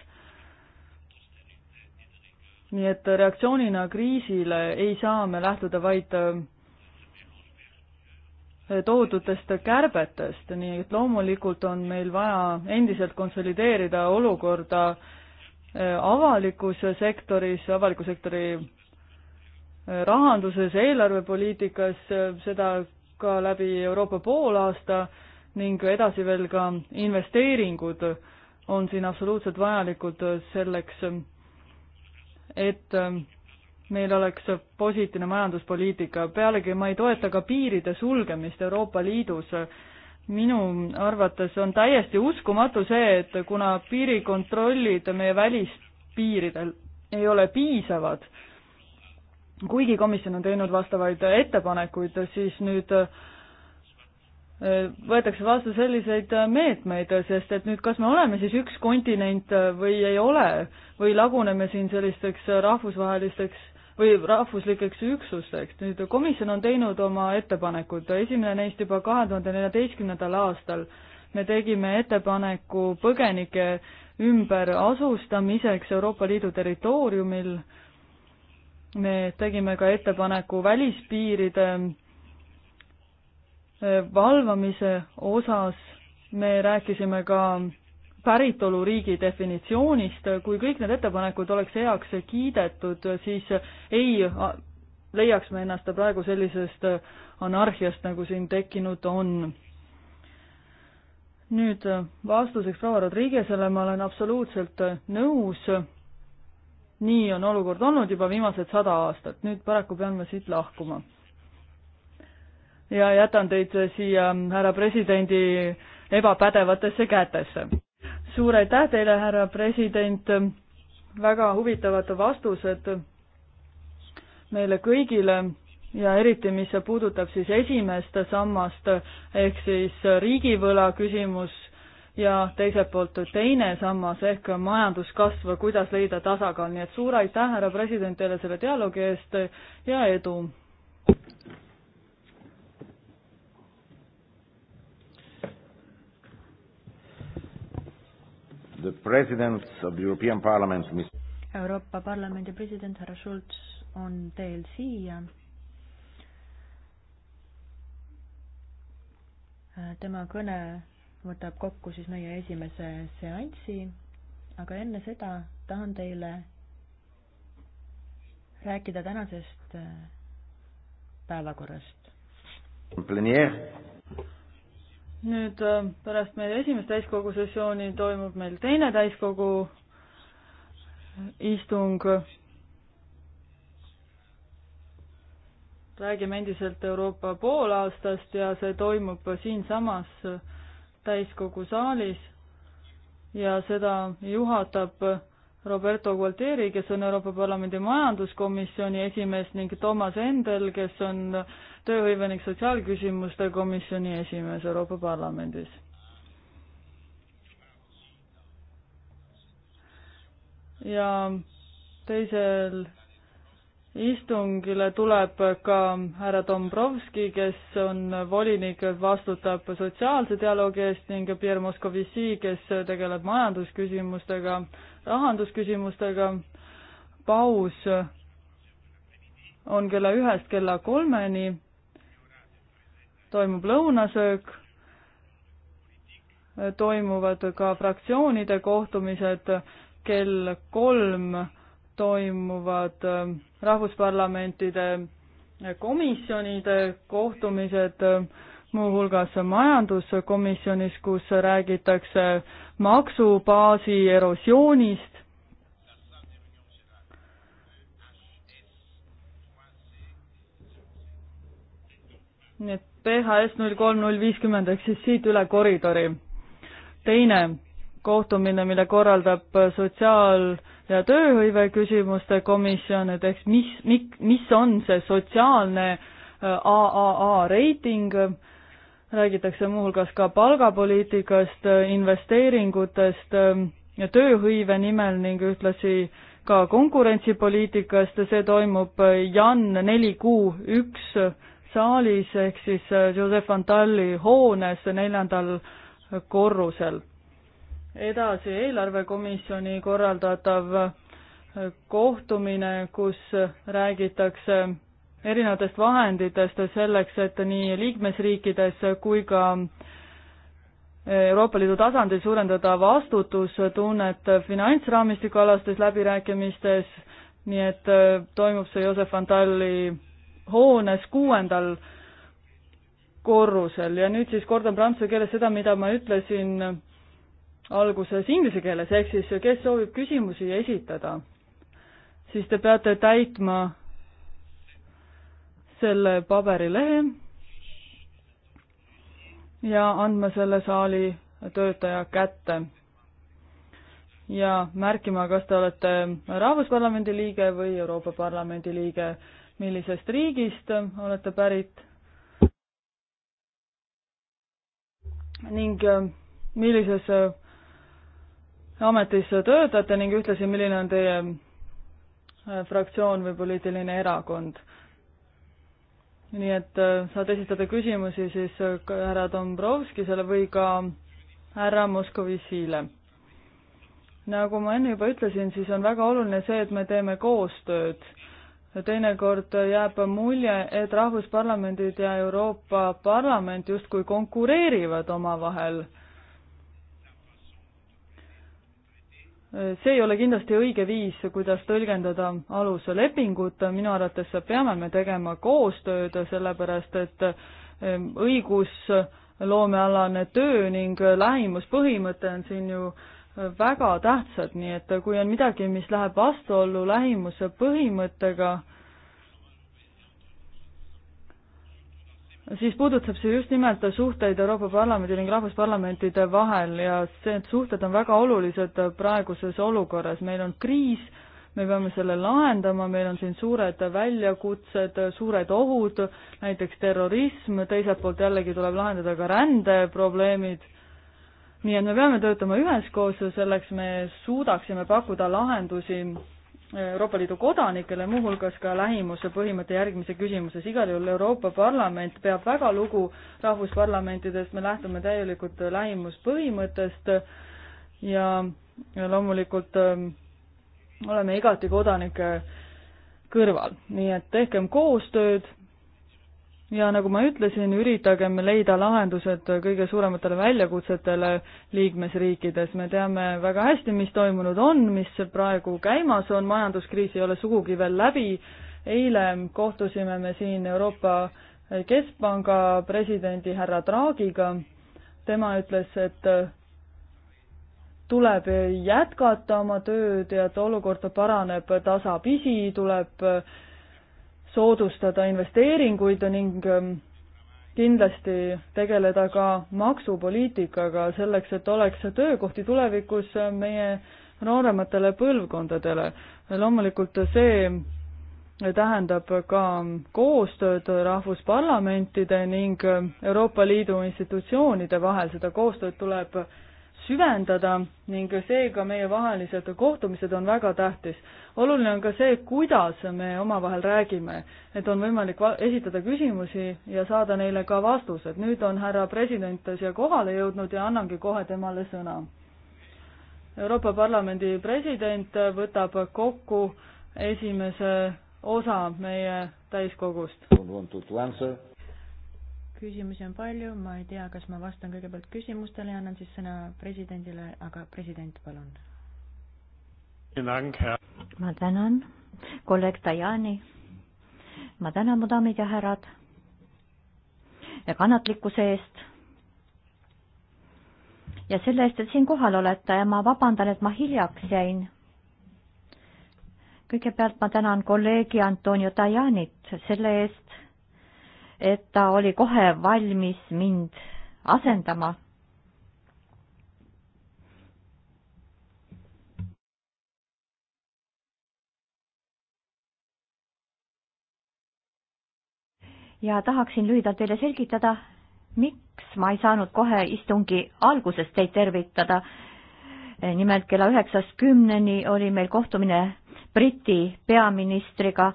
nii et reaktsioonina kriisile ei saa me lähtuda vaid äh, tohututest kärbetest, nii et loomulikult on meil vaja endiselt konsolideerida olukorda äh, avalikus sektoris, avaliku sektori rahanduses, eelarvepoliitikas, seda ka läbi Euroopa poolaasta ning edasi veel ka investeeringud on siin absoluutselt vajalikud selleks, et meil oleks positiivne majanduspoliitika. pealegi ma ei toeta ka piiride sulgemist Euroopa Liidus. minu arvates on täiesti uskumatu see, et kuna piirikontrollid meie välispiiridel ei ole piisavad, kuigi komisjon on teinud vastavaid ettepanekuid, siis nüüd äh, võetakse vastu selliseid meetmeid, sest et nüüd kas me oleme siis üks kontinent või ei ole või laguneme siin sellisteks rahvusvahelisteks või rahvuslikeks üksusteks. nüüd komisjon on teinud oma ettepanekud, esimene neist juba kahe tuhande neljateistkümnendal aastal. me tegime ettepaneku põgenike ümberasustamiseks Euroopa Liidu territooriumil me tegime ka ettepaneku välispiiride äh, valvamise osas, me rääkisime ka päritoluriigi definitsioonist, kui kõik need ettepanekud oleks heaks kiidetud, siis ei äh, leiaks me ennast praegu sellisest äh, anarhiast, nagu siin tekkinud on. nüüd vastuseks proua Rodriguezele ma olen absoluutselt nõus nii on olukord olnud juba viimased sada aastat, nüüd paraku pean ma siit lahkuma. ja jätan teid siia härra presidendi ebapädevatesse kätesse. suur aitäh teile, härra president, väga huvitavad vastused meile kõigile ja eriti, mis puudutab siis esimest sammast ehk siis riigivõla küsimus ja teiselt poolt teine sammas ehk majanduskasv, kuidas leida tasakaal, nii et suur aitäh, härra president, teile selle dialoogi eest ja edu! The president of the European Parliament, mis Euroopa Parlamendi president härra Schulz on teel siia. tema kõne võtab kokku siis meie esimese seansi, aga enne seda tahan teile rääkida tänasest äh, päevakorrast. nüüd äh, pärast meie esimest täiskogu sessiooni toimub meil teine täiskogu äh, istung. räägime endiselt Euroopa poolaastast ja see toimub siinsamas täiskogu saalis ja seda juhatab Roberto Gualtieri, kes on Euroopa Parlamendi majanduskomisjoni esimees ning Toomas Endel, kes on tööhõive ning sotsiaalküsimuste komisjoni esimees Euroopa Parlamendis. ja teisel istungile tuleb ka härra Dombrovski, kes on volinik, vastutab sotsiaalse dialoogi eest ning Pierre Moscovici, kes tegeleb majandusküsimustega, rahandusküsimustega. paus on kella ühest kella kolmeni, toimub lõunasöök, toimuvad ka fraktsioonide kohtumised kell kolm toimuvad ähm, rahvusparlamentide äh, komisjonide kohtumised, ähm, muuhulgas majanduskomisjonis, kus räägitakse maksubaasi erosioonist. nii et PHS null kolm null viiskümmend ehk siis siit üle koridori. teine kohtumine, mille korraldab sotsiaal- ja tööhõive küsimuste komisjon, et eks mis, mik-, mis on see sotsiaalne AAA äh, reiting, räägitakse muuhulgas ka palgapoliitikast, investeeringutest ähm, ja tööhõive nimel ning ühtlasi ka konkurentsipoliitikast ja see toimub äh, Jan neli kuu üks saalis ehk siis äh, Joseph Antalli hoones neljandal korrusel edasi eelarvekomisjoni korraldatav kohtumine, kus räägitakse erinevatest vahenditest selleks, et nii liikmesriikides kui ka Euroopa Liidu tasandil suurendada vastutustunnet finantsraamistiku alastes läbirääkimistes, nii et äh, toimub see Joosep Antalli hoones kuuendal korrusel ja nüüd siis kordan prantsuse keeles seda, mida ma ütlesin alguses inglise keeles, ehk siis kes soovib küsimusi esitada, siis te peate täitma selle paberilehe ja andma selle saali töötaja kätte. ja märkima, kas te olete Rahvusparlamendi liige või Euroopa Parlamendi liige, millisest riigist olete pärit ning äh, millises äh, ametis töötate ning ühtlasi, milline on teie äh, fraktsioon või poliitiline erakond. nii et äh, saad esitada küsimusi siis äh, härra Dombrovskisele või ka härra Moskovitšile. nagu ma enne juba ütlesin, siis on väga oluline see, et me teeme koostööd. teinekord jääb mulje, et rahvusparlamendid ja Euroopa Parlament justkui konkureerivad omavahel see ei ole kindlasti õige viis, kuidas tõlgendada aluslepingut, minu arvates peame me tegema koostööd, sellepärast et ehm, õigusloomealane töö ning lähimuspõhimõte on siin ju väga tähtsad, nii et kui on midagi, mis läheb vastuollu lähimuse põhimõttega, siis puudutab see just nimelt suhteid Euroopa Parlamendi ning rahvusparlamentide vahel ja see, et suhted on väga olulised praeguses olukorras, meil on kriis, me peame selle lahendama, meil on siin suured väljakutsed, suured ohud, näiteks terrorism, teiselt poolt jällegi tuleb lahendada ka rändeprobleemid, nii et me peame töötama üheskoos ja selleks me suudaksime pakkuda lahendusi Euroopa Liidu kodanikele, muuhulgas ka lähimuse põhimõtte järgimise küsimuses. igal juhul Euroopa Parlament peab väga lugu rahvusparlamentidest, me lähtume täielikult lähimuspõhimõttest ja loomulikult ähm, oleme igati kodanike kõrval, nii et tehkem koostööd ja nagu ma ütlesin, üritagem leida lahendused kõige suurematele väljakutsetele liikmesriikides. me teame väga hästi, mis toimunud on, mis praegu käimas on, majanduskriis ei ole sugugi veel läbi. eile kohtusime me siin Euroopa Keskpanga presidendi härra Draagiga. tema ütles, et tuleb jätkata oma tööd ja et olukord paraneb tasapisi, tuleb äh, soodustada investeeringuid ning ähm, kindlasti tegeleda ka maksupoliitikaga selleks, et oleks töökohti tulevikus äh, meie noorematele põlvkondadele. loomulikult see tähendab ka koostööd rahvusparlamentide ning Euroopa Liidu institutsioonide vahel, seda koostööd tuleb süvendada ning seega meievahelised kohtumised on väga tähtis. oluline on ka see, kuidas me omavahel räägime, et on võimalik esitada küsimusi ja saada neile ka vastused. nüüd on härra president siia kohale jõudnud ja annangi kohe temale sõna. Euroopa Parlamendi president võtab kokku esimese osa meie täiskogust küsimusi on palju, ma ei tea, kas ma vastan kõigepealt küsimustele ja annan siis sõna presidendile, aga president, palun. ma tänan, kolleeg Dajani. ma tänan, mu daamid ja härrad ja kannatlikkuse eest. ja selle eest, et siin kohal olete ja ma vabandan, et ma hiljaks jäin. kõigepealt ma tänan kolleegi Antonio Dajanit selle eest et ta oli kohe valmis mind asendama. ja tahaksin lühidalt teile selgitada, miks ma ei saanud kohe istungi alguses teid tervitada. nimelt kella üheksast kümneni oli meil kohtumine Briti peaministriga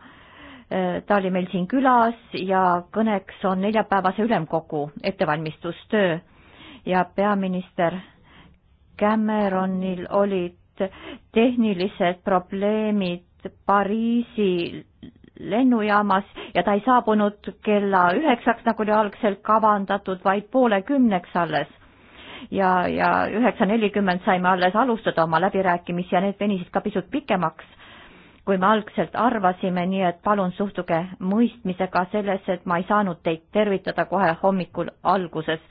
Äh, ta oli meil siin külas ja kõneks on neljapäevase ülemkogu ettevalmistustöö ja peaminister Cameronil olid tehnilised probleemid Pariisi lennujaamas ja ta ei saabunud kella üheksaks, nagu oli algselt kavandatud, vaid poole kümneks alles. ja, ja üheksa nelikümmend saime alles alustada oma läbirääkimisi ja need venisid ka pisut pikemaks kui me algselt arvasime, nii et palun suhtuge mõistmisega sellesse, et ma ei saanud teid tervitada kohe hommikul alguses,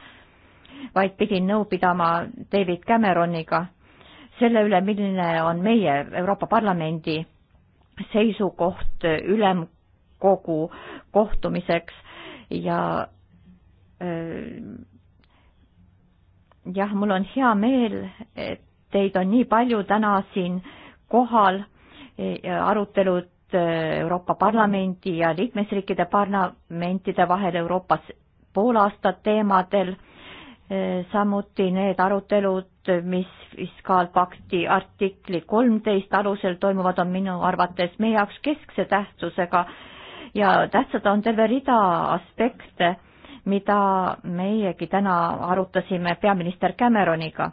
vaid pidin nõu pidama David Cameroniga selle üle, milline on meie Euroopa Parlamendi seisukoht ülemkogu kohtumiseks ja äh, jah, mul on hea meel, et teid on nii palju täna siin kohal Eh, arutelud eh, Euroopa Parlamendi ja liikmesriikide parlamentide vahel Euroopas poolaasta teemadel, eh, samuti need arutelud, mis fiskaalpakti artikli kolmteist alusel toimuvad, on minu arvates meie jaoks keskse tähtsusega ja tähtsad on terve rida aspekte, mida meiegi täna arutasime peaminister Cameroniga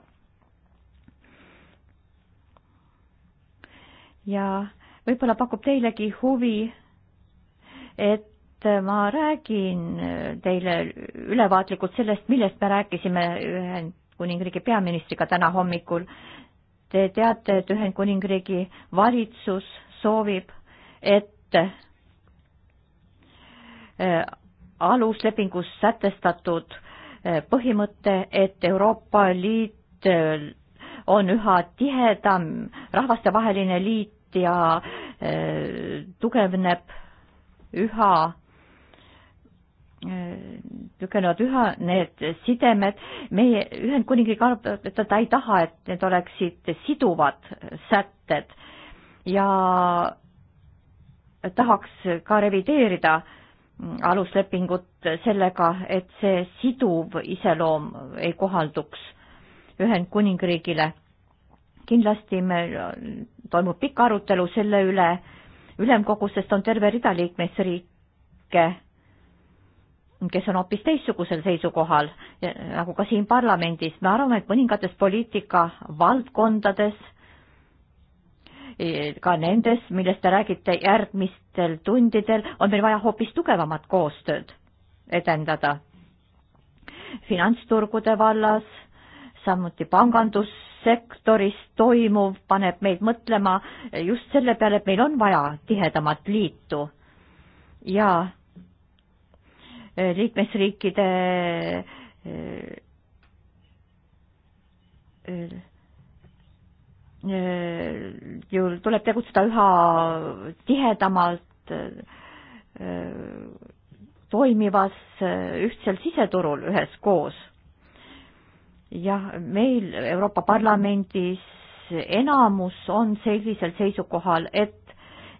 ja võib-olla pakub teilegi huvi, et ma räägin teile ülevaatlikult sellest, millest me rääkisime Ühendkuningriigi peaministriga täna hommikul. Te teate, et Ühendkuningriigi valitsus soovib, et äh, aluslepingus sätestatud äh, põhimõte, et Euroopa Liit äh, on üha tihedam rahvastevaheline liit, ja äh, tugevneb üha äh, tükenevad üha need sidemed, meie Ühendkuningriik arvab, et ta ei taha, et need oleksid siduvad sätted ja tahaks ka revideerida aluslepingut sellega, et see siduv iseloom ei kohalduks Ühendkuningriigile kindlasti meil toimub pikk arutelu selle üle ülemkogus, sest on terve rida liikmesriike, kes on hoopis teistsugusel seisukohal, nagu ka siin parlamendis. me arvame, et mõningates poliitika valdkondades, ka nendes, millest te räägite järgmistel tundidel, on meil vaja hoopis tugevamat koostööd edendada. finantsturgude vallas, samuti pangandus sektoris toimuv paneb meid mõtlema just selle peale, et meil on vaja tihedamat liitu ja eh, liikmesriikide eh, eh, ju tuleb tegutseda üha tihedamalt toimivas ühtsel siseturul üheskoos jah, meil Euroopa Parlamendis enamus on sellisel seisukohal, et,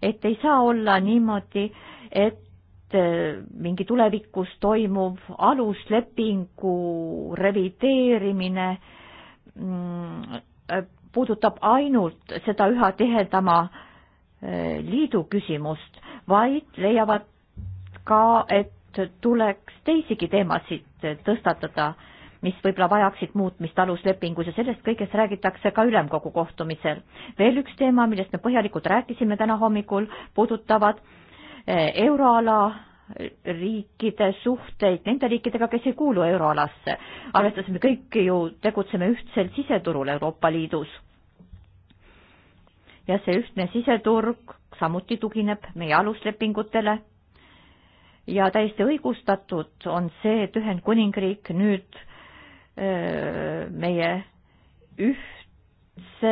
et ei saa olla niimoodi, et äh, mingi tulevikus toimuv aluslepingu revideerimine mm, puudutab ainult seda üha tihedama äh, liidu küsimust, vaid leiavad ka, et tuleks teisigi teemasid tõstatada mis võib-olla vajaksid muutmist aluslepingus ja sellest kõigest räägitakse ka ülemkogu kohtumisel. veel üks teema, millest me põhjalikult rääkisime täna hommikul, puudutavad eh, euroala riikide suhteid nende riikidega, kes ei kuulu euroalasse. arvestades me kõik ju tegutseme ühtsel siseturul Euroopa Liidus. ja see ühtne siseturg samuti tugineb meie aluslepingutele ja täiesti õigustatud on see, et Ühendkuningriik nüüd meie ühtse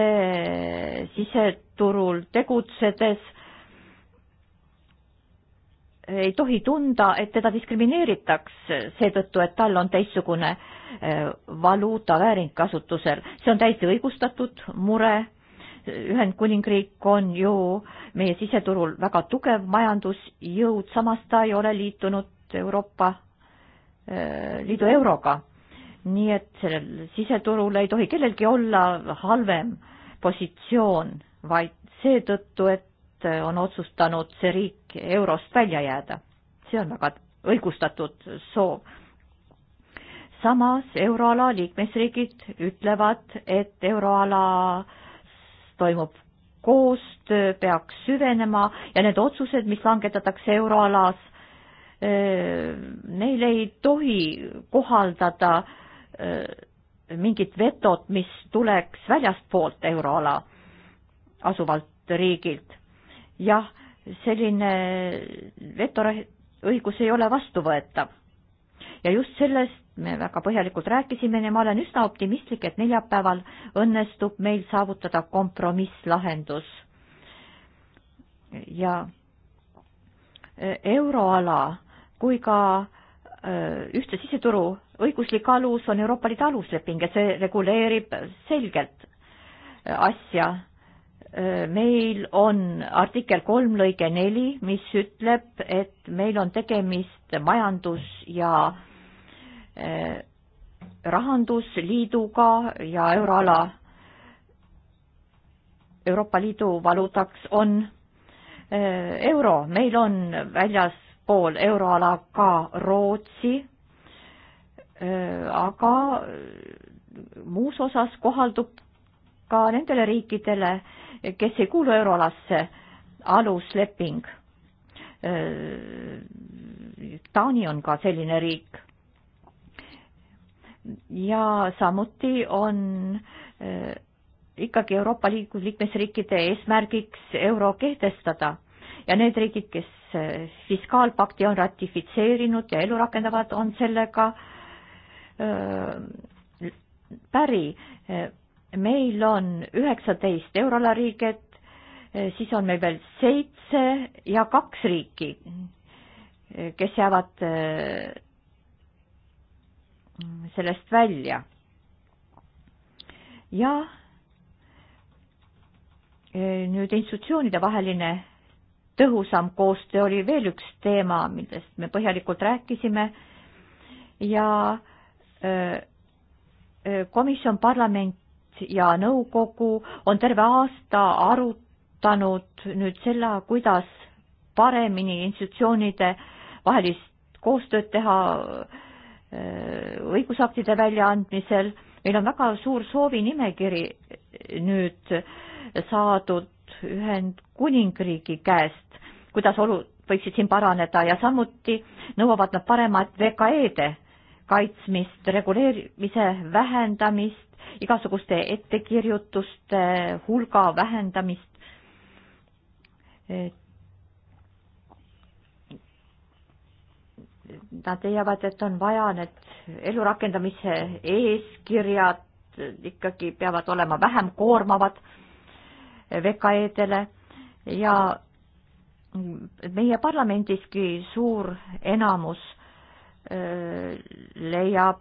siseturul tegutsedes ei tohi tunda, et teda diskrimineeritakse seetõttu, et tal on teistsugune äh, valuuta vääringkasutusel. see on täiesti õigustatud mure. Ühendkuningriik on ju meie siseturul väga tugev majandusjõud, samas ta ei ole liitunud Euroopa äh, Liidu euroga nii et sellel siseturul ei tohi kellelgi olla halvem positsioon, vaid seetõttu, et äh, on otsustanud see riik eurost välja jääda. see on väga õigustatud soov. samas euroala liikmesriigid ütlevad, et euroala toimub koostöö, peaks süvenema ja need otsused, mis langetatakse euroalas, äh, neil ei tohi kohaldada äh, Äh, mingit vetot, mis tuleks väljastpoolt euroala asuvalt riigilt. jah, selline vetoõigus ei ole vastuvõetav. ja just sellest me väga põhjalikult rääkisime ja ma olen üsna optimistlik, et neljapäeval õnnestub meil saavutada kompromisslahendus. ja äh, euroala kui ka Äh, ühtse siseturu õiguslik alus on Euroopa Liidu alusleping ja see reguleerib selgelt äh, asja. Äh, meil on artikkel kolm lõige neli, mis ütleb, et meil on tegemist majandus- ja rahandusliiduga ja euroala Euroopa Liidu valuutaks on euro, meil on väljas pool euroala ka Rootsi, äh, aga äh, muus osas kohaldub ka nendele riikidele, kes ei kuulu euroalasse, alusleping. Äh, Taani on ka selline riik. ja samuti on ikkagi Euroopa Liidu liikmesriikide eesmärgiks euro kehtestada ja need riigid, kes fiskaalpakti on ratifitseerinud ja elu rakendavad, on sellega öö, päri. meil on üheksateist euroala riiget, siis on meil veel seitse ja kaks riiki, kes jäävad öö, sellest välja. ja nüüd institutsioonide vaheline tõhusam koostöö oli veel üks teema, millest me põhjalikult rääkisime ja komisjon, parlament ja nõukogu on terve aasta arutanud nüüd selle, kuidas paremini institutsioonide vahelist koostööd teha õigusaktide väljaandmisel. meil on väga suur soovinimekiri nüüd saadud ühend kuningriigi käest, kuidas olud võiksid siin paraneda ja samuti nõuavad nad paremat VKE-de kaitsmist, reguleerimise vähendamist, igasuguste ettekirjutuste hulga vähendamist. Nad leiavad, et on vaja need elurakendamise eeskirjad ikkagi peavad olema vähem koormavad VKE-dele ja meie parlamendiski suur enamus öö, äh, leiab,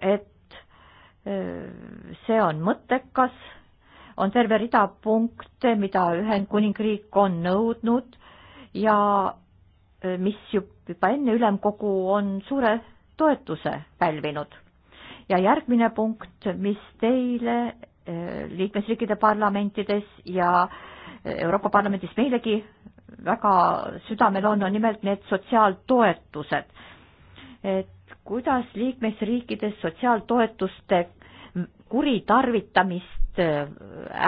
et öö, äh, see on mõttekas, on terve rida punkte, mida Ühendkuningriik on nõudnud ja öö, äh, mis juba enne ülemkogu on suure toetuse pälvinud. ja järgmine punkt, mis teile liikmesriikide parlamentides ja äh, Euroopa Parlamendis meilegi väga südamel on, on nimelt need sotsiaaltoetused. et kuidas liikmesriikides sotsiaaltoetuste kuritarvitamist äh,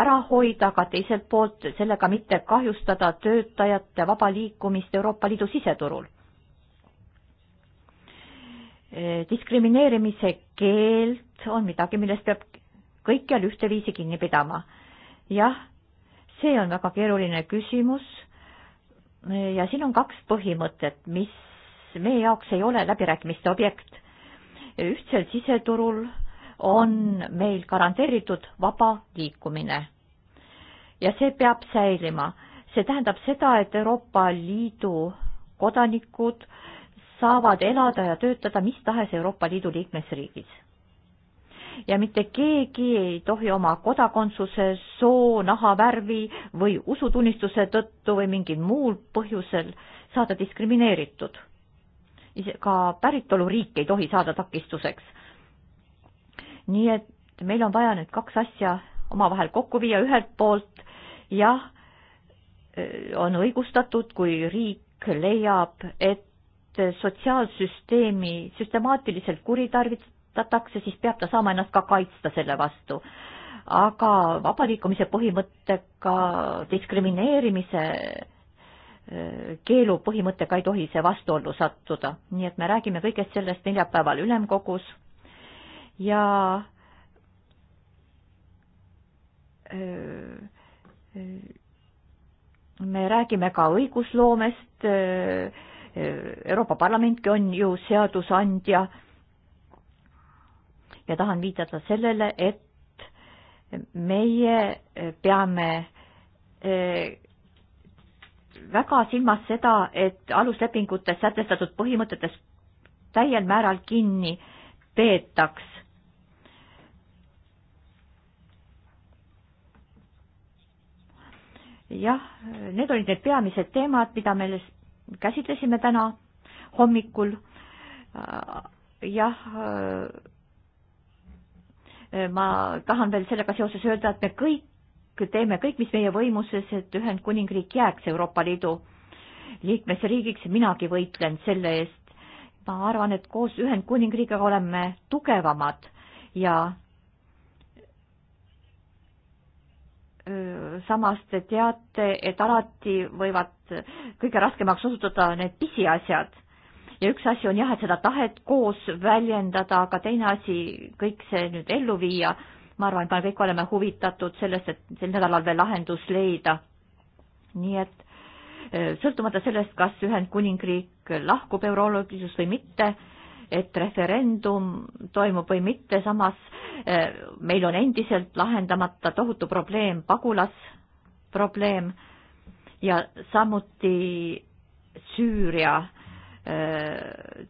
ära hoida, aga teiselt poolt sellega mitte kahjustada töötajate vaba liikumist Euroopa Liidu siseturul. Äh, diskrimineerimise keeld on midagi, millest peab kõikjal ühteviisi kinni pidama. jah see on väga keeruline küsimus ja siin on kaks põhimõtet, mis meie jaoks ei ole läbirääkimiste objekt. ühtsel siseturul on meil garanteeritud vaba liikumine ja see peab säilima. see tähendab seda, et Euroopa Liidu kodanikud saavad elada ja töötada mis tahes Euroopa Liidu liikmesriigis ja mitte keegi ei tohi oma kodakondsuse, soo, nahavärvi või usutunnistuse tõttu või mingil muul põhjusel saada diskrimineeritud. ka päritoluriik ei tohi saada takistuseks. nii et meil on vaja nüüd kaks asja omavahel kokku viia, ühelt poolt jah, on õigustatud, kui riik leiab, et sotsiaalsüsteemi süstemaatiliselt kuritarvit-, rünnatakse, siis peab ta saama ennast ka kaitsta selle vastu. aga vaba liikumise põhimõttega diskrimineerimise äh, keelu põhimõttega ei tohi see vastuollu sattuda, nii et me räägime kõigest sellest neljapäeval ülemkogus ja äh, äh, me räägime ka õigusloomest, Euroopa Parlamentki on ju seadusandja ja tahan viidata sellele, et meie eh, peame eh, väga silmas seda, et aluslepingutes sätestatud põhimõtetes täiel määral kinni peetaks. jah, need olid need peamised teemad, mida me käsitlesime täna hommikul. jah Äh, ma tahan veel sellega seoses öelda, et me kõik teeme kõik, mis meie võimuses, et Ühendkuningriik jääks Euroopa Liidu liikmesriigiks ja minagi võitlen selle eest. ma arvan, et koos Ühendkuningriigiga oleme tugevamad ja samas te teate, et alati võivad kõige raskemaks osutuda need pisiasjad ja üks asi on jah, et seda tahet koos väljendada, aga teine asi, kõik see nüüd ellu viia, ma arvan, et me kõik oleme huvitatud sellest, et sel nädalal veel lahendus leida. nii et eh, sõltumata sellest, kas Ühendkuningriik lahkub Euroopalisust või mitte, et referendum toimub või mitte, samas eh, meil on endiselt lahendamata tohutu probleem, pagulasprobleem ja samuti Süüria Äh,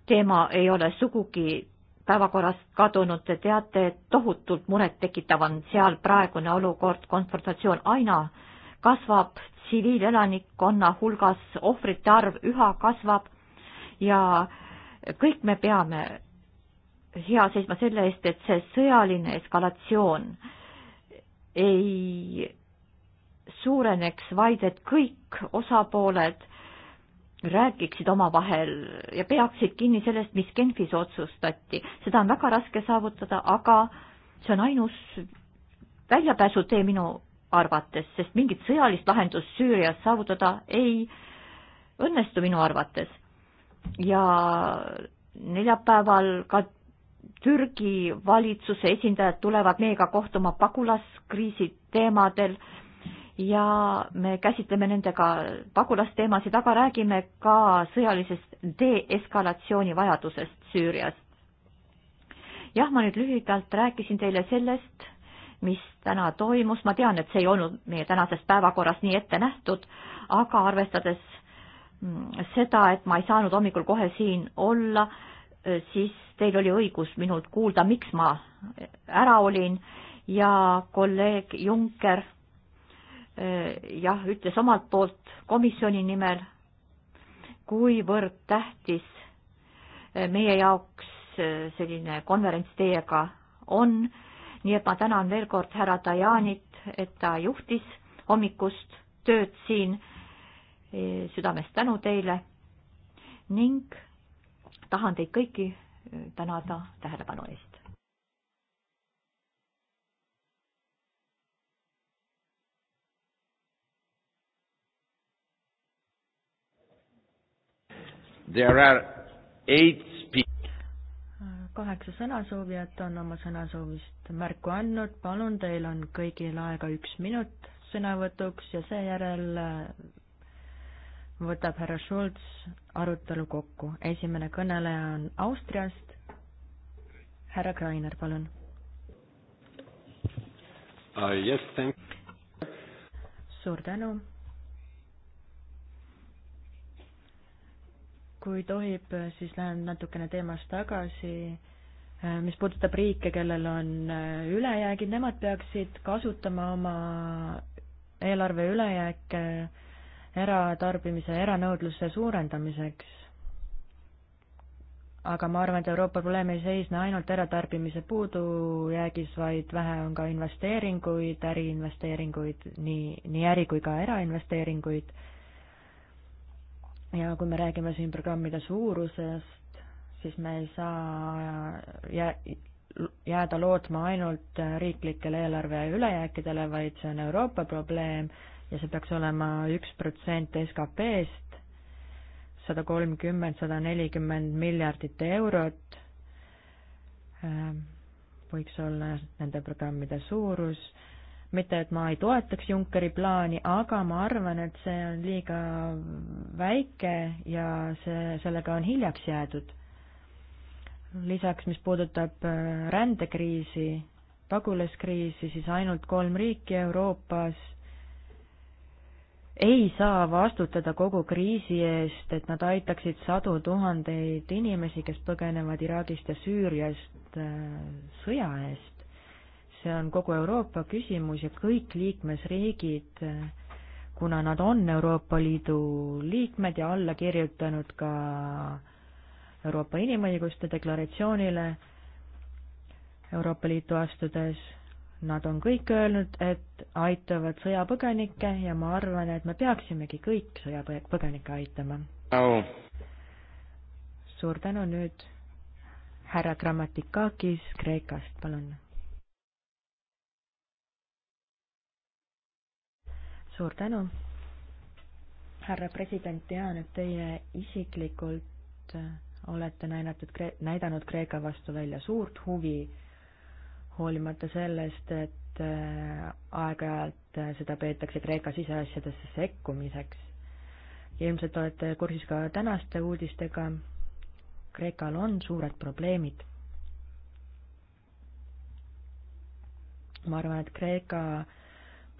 teema ei ole sugugi päevakorrast kadunud, te teate, et tohutult murettekitav on seal praegune olukord, konfrontatsioon aina kasvab, tsiviilelanikkonna hulgas ohvrite arv üha kasvab ja kõik me peame hea seisma selle eest, et see sõjaline eskalatsioon ei suureneks, vaid et kõik osapooled räägiksid omavahel ja peaksid kinni sellest, mis Genfis otsustati. seda on väga raske saavutada, aga see on ainus väljapääsutee minu arvates, sest mingit sõjalist lahendust Süürias saavutada ei õnnestu minu arvates. ja neljapäeval ka Türgi valitsuse esindajad tulevad meiega kohtuma pagulaskriisi teemadel ja me käsitleme nendega pagulasteemasid, aga räägime ka sõjalisest deeskalatsiooni vajadusest Süürias. jah, ma nüüd lühidalt rääkisin teile sellest, mis täna toimus, ma tean, et see ei olnud meie tänases päevakorras nii ette nähtud, aga arvestades mm, seda, et ma ei saanud hommikul kohe siin olla, eh, siis teil oli õigus minult kuulda, miks ma ära olin ja kolleeg Junker jah, ütles omalt poolt komisjoni nimel, kuivõrd tähtis eh, meie jaoks eh, selline konverents teiega on, nii et ma tänan veel kord härra Dajanit, et ta juhtis hommikust tööd siin, eh, südamest tänu teile ning tahan teid kõiki tänada tähelepanu eest. There are eight kaheksa sõnasoovijat on oma sõnasoovist märku andnud, palun, teil on kõigil aega üks minut sõnavõtuks ja seejärel äh, võtab härra Schulz arutelu kokku. esimene kõneleja on Austriast. härra Kreiner, palun uh,. Yes, thank- suur tänu kui tohib, siis lähen natukene teemast tagasi, mis puudutab riike, kellel on ülejäägid, nemad peaksid kasutama oma eelarve ülejääke eratarbimise, eranõudluse suurendamiseks. aga ma arvan, et Euroopa probleem ei seisne ainult eratarbimise puudujäägis, vaid vähe on ka investeeringuid, äriinvesteeringuid, nii, nii äri- kui ka erainvesteeringuid ja kui me räägime siin programmide suurusest, siis me ei saa jää, jääda lootma ainult riiklikele eelarve ülejääkidele, vaid see on Euroopa probleem ja see peaks olema üks protsent SKP-st, sada kolmkümmend, sada nelikümmend miljardit eurot ehm, võiks olla nende programmide suurus mitte et ma ei toetaks Junckeri plaani, aga ma arvan, et see on liiga väike ja see, sellega on hiljaks jäädud. lisaks, mis puudutab äh, rändekriisi, pagulaskriisi, siis ainult kolm riiki Euroopas ei saa vastutada kogu kriisi eest, et nad aitaksid sadu tuhandeid inimesi, kes põgenevad Iraagist ja Süüriast äh, sõja eest see on kogu Euroopa küsimus ja kõik liikmesriigid, kuna nad on Euroopa Liidu liikmed ja alla kirjutanud ka Euroopa inimõiguste deklaratsioonile Euroopa Liitu astudes, nad on kõik öelnud, et aitavad sõjapõgenikke ja ma arvan, et me peaksimegi kõik sõjapõgenikke aitama oh.. suur tänu nüüd, härra Grammatikakis Kreekast, palun suur tänu, härra president, tean, et teie isiklikult olete näidatud, näidanud Kreeka vastu välja suurt huvi, hoolimata sellest, et äh, aeg-ajalt seda peetakse Kreeka siseasjadesse sekkumiseks. ilmselt olete kursis ka tänaste uudistega, Kreekal on suured probleemid. ma arvan, et Kreeka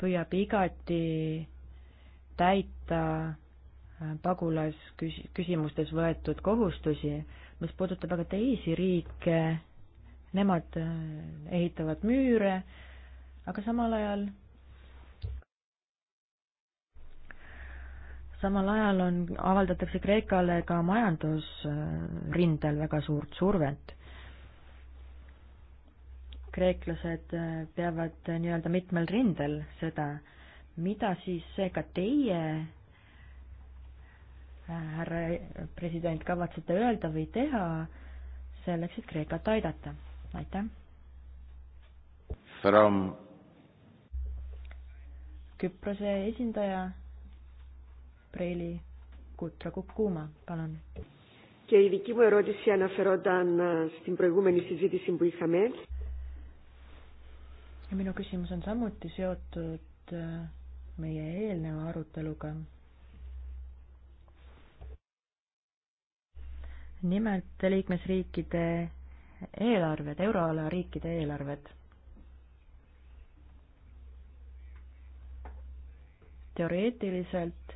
püüab igati täita äh, pagulasküsimustes võetud kohustusi. mis puudutab aga teisi riike, nemad äh, ehitavad müüre, aga samal ajal, samal ajal on, avaldatakse Kreekale ka majandusrindel väga suurt survet kreeklased äh, peavad äh, nii-öelda mitmel rindel seda, mida siis seega teie, äh, härra president, kavatsete öelda või teha selleks, et Kreekat aidata? aitäh. From Küprose esindaja Preili Kutra-Kukuma, palun. Και η δική μου ερώτηση αναφερόταν στην προηγούμενη συζήτηση που είχαμε ja minu küsimus on samuti seotud äh, meie eelneva aruteluga. nimelt liikmesriikide eelarved, euroala riikide eelarved. teoreetiliselt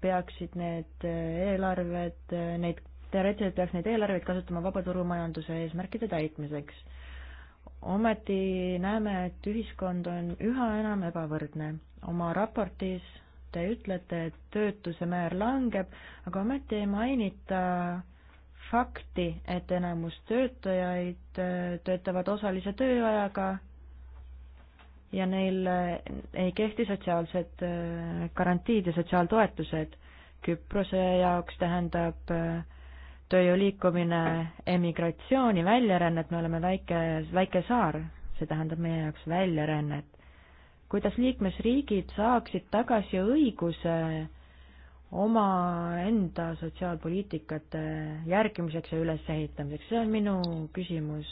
peaksid need äh, eelarved, äh, neid, teoreetiliselt peaks neid eelarveid kasutama vabaturumajanduse eesmärkide täitmiseks ometi näeme, et ühiskond on üha enam ebavõrdne. oma raportis te ütlete, et töötuse määr langeb, aga ometi ei mainita fakti, et enamus töötajaid äh, töötavad osalise tööajaga ja neil äh, ei kehti sotsiaalsed äh, garantiid ja sotsiaaltoetused. Küprose jaoks tähendab äh, tööjõu liikumine, emigratsiooni, väljarännet, me oleme väike, väike saar, see tähendab meie jaoks väljarännet. kuidas liikmesriigid saaksid tagasi õiguse omaenda sotsiaalpoliitikate järgimiseks ja ülesehitamiseks, see on minu küsimus.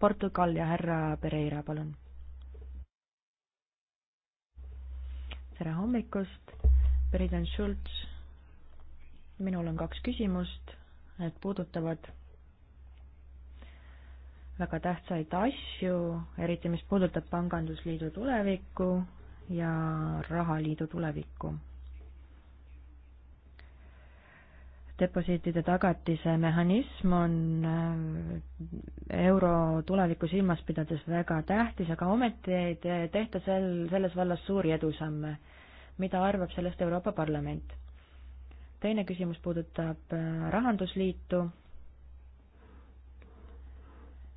Portugal ja härra Pereira, palun. tere hommikust, president Schultz minul on kaks küsimust, need puudutavad väga tähtsaid asju, eriti mis puudutab Pangandusliidu tulevikku ja Rahaliidu tulevikku. deposiitide tagatise mehhanism on äh, euro tulevikku silmas pidades väga tähtis, aga ometi ei tehta sel, selles vallas suuri edusamme. mida arvab sellest Euroopa Parlament? teine küsimus puudutab äh, Rahandusliitu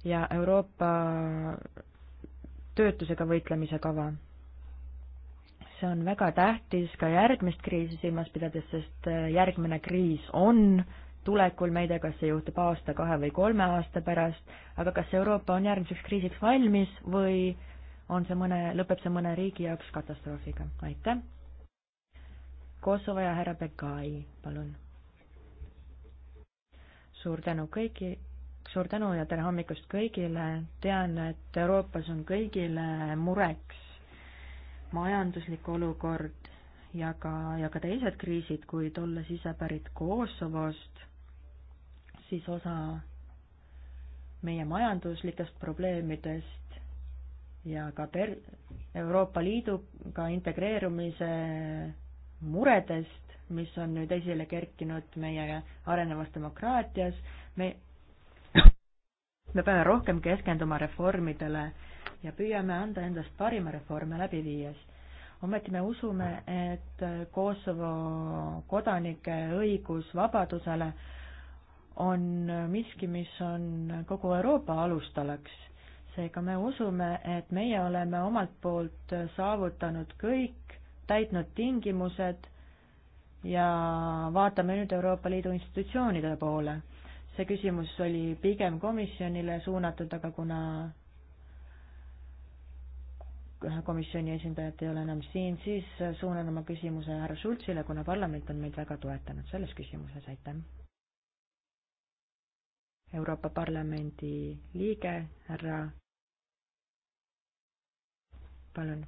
ja Euroopa töötusega võitlemise kava. see on väga tähtis ka järgmist kriisi silmas pidades, sest äh, järgmine kriis on tulekul, me ei tea, kas see juhtub aasta, kahe või kolme aasta pärast, aga kas Euroopa on järgmiseks kriisiks valmis või on see mõne, lõpeb see mõne riigi jaoks katastroofiga, aitäh! Kosovo ja härra Bekai, palun. suur tänu kõigi, suur tänu ja tere hommikust kõigile. tean, et Euroopas on kõigile mureks majanduslik olukord ja ka, ja ka teised kriisid, kuid olles ise pärit Kosovost, siis osa meie majanduslikest probleemidest ja ka per-, Euroopa Liiduga integreerumise muredest, mis on nüüd esile kerkinud meie arenevas demokraatias, me, me peame rohkem keskenduma reformidele ja püüame anda endast parima reforme läbi viies. ometi me usume, et Kosovo kodanike õigus vabadusele on miski, mis on kogu Euroopa alustalaks. seega me usume, et meie oleme omalt poolt saavutanud kõik, täitnud tingimused ja vaatame nüüd Euroopa Liidu institutsioonide poole. see küsimus oli pigem komisjonile suunatud, aga kuna komisjoni esindajat ei ole enam siin, siis suunan oma küsimuse härra Schultzile, kuna parlament on meid väga toetanud selles küsimuses, aitäh. Euroopa Parlamendi liige härra, palun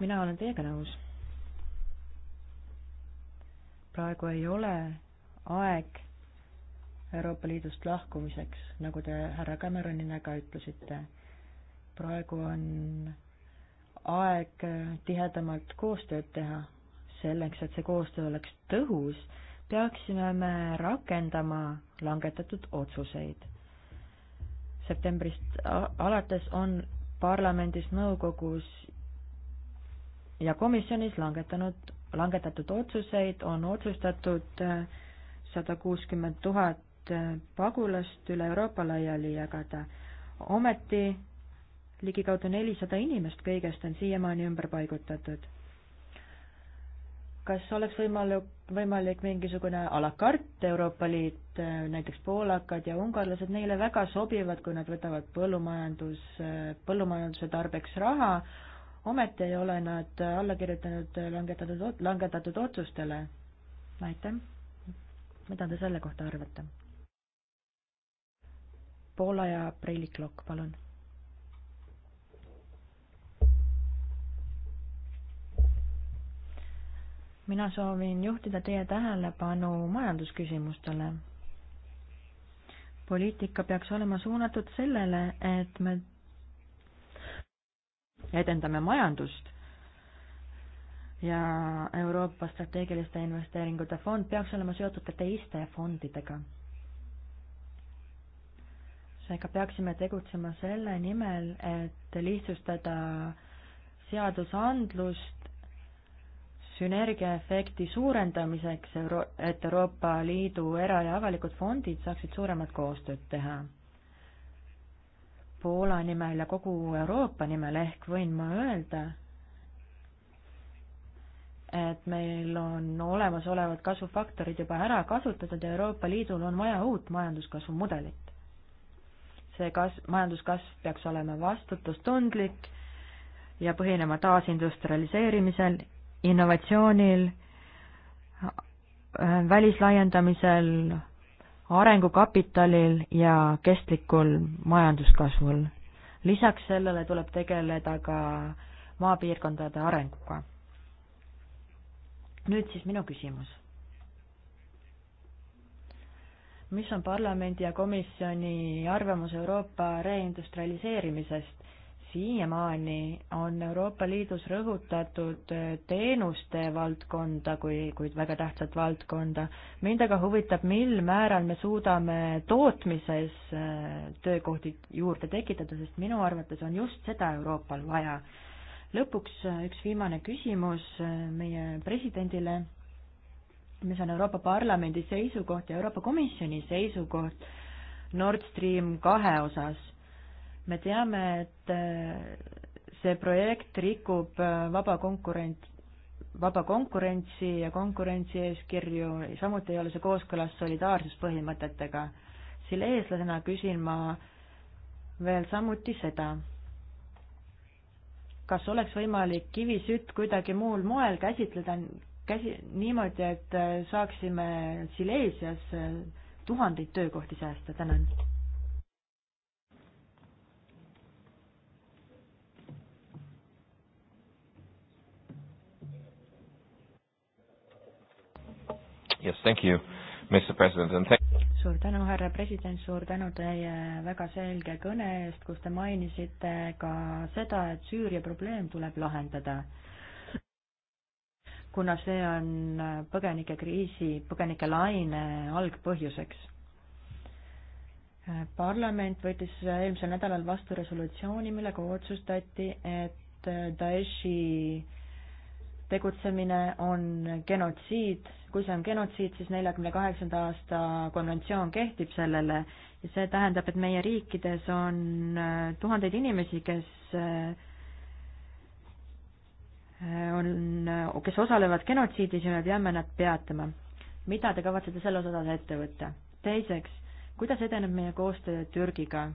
mina olen teiega nõus. praegu ei ole aeg Euroopa Liidust lahkumiseks, nagu te härra Cameronile ka ütlesite. praegu on aeg tihedamalt koostööd teha. selleks, et see koostöö oleks tõhus, peaksime me rakendama langetatud otsuseid. septembrist alates on parlamendis, nõukogus ja komisjonis langetanud, langetatud otsuseid on otsustatud äh, sada kuuskümmend tuhat äh, pagulast üle Euroopa laiali jagada. ometi ligikaudu nelisada inimest kõigest on siiamaani ümber paigutatud. kas oleks võimalik, võimalik mingisugune a la carte Euroopa Liit, äh, näiteks poolakad ja ungarlased, neile väga sobivad, kui nad võtavad põllumajandus, põllumajanduse tarbeks raha, ometi ei ole nad alla kirjutanud langetatud, langetatud otsustele. aitäh. mida te selle kohta arvate? Poola ja aprilliklokk, palun. mina soovin juhtida teie tähelepanu majandusküsimustele poliitika peaks olema suunatud sellele, et me edendame majandust ja Euroopa strateegiliste investeeringute fond peaks olema seotud ka teiste fondidega. seega peaksime tegutsema selle nimel, et lihtsustada seadusandlust sünergiaefekti suurendamiseks, euro-, et Euroopa Liidu era- ja avalikud fondid saaksid suuremat koostööd teha Poola nimel ja kogu Euroopa nimel ehk võin ma öelda, et meil on olemasolevad kasvufaktorid juba ära kasutatud ja Euroopa Liidul on vaja uut majanduskasvu mudelit. see kas-, majanduskasv peaks olema vastutustundlik ja põhinema taasindustrialiseerimisel, innovatsioonil, välislaiendamisel, arengukapitalil ja kestlikul majanduskasvul. lisaks sellele tuleb tegeleda ka maapiirkondade arenguga. nüüd siis minu küsimus. mis on parlamendi ja komisjoni arvamus Euroopa reindustrialiseerimisest siiamaani on Euroopa Liidus rõhutatud eh, teenuste valdkonda kui, kuid väga tähtsat valdkonda. mind aga huvitab, mil määral me suudame tootmises eh, töökohti juurde tekitada, sest minu arvates on just seda Euroopal vaja. lõpuks eh, üks viimane küsimus meie presidendile, mis on Euroopa Parlamendi seisukoht ja Euroopa Komisjoni seisukoht Nord Stream kahe osas me teame, et äh, see projekt rikub äh, vaba konkurent, vaba konkurentsi ja konkurentsieeskirju, samuti ei ole see kooskõlas solidaarsuspõhimõtetega. selle eestlasena küsin ma veel samuti seda, kas oleks võimalik kivisütt kuidagi muul moel käsitleda, käsi, niimoodi, et äh, saaksime Silesias tuhandeid töökohti säästa, tänan Yes, thank you, Mr President and thank suur tänu, härra president, suur tänu teie väga selge kõne eest, kus te mainisite ka seda, et Süüria probleem tuleb lahendada. kuna see on põgenikekriisi, põgenikelaine algpõhjuseks. parlament võttis eelmisel nädalal vastu resolutsiooni, millega otsustati, et Daeshi tegutsemine on genotsiid, kui see on genotsiid, siis neljakümne kaheksanda aasta konventsioon kehtib sellele ja see tähendab, et meie riikides on äh, tuhandeid inimesi, kes äh, on, kes osalevad genotsiidis ja me peame nad peatama. mida te kavatsete selles osas ette võtta? teiseks, kuidas edeneb meie koostöö Türgiga?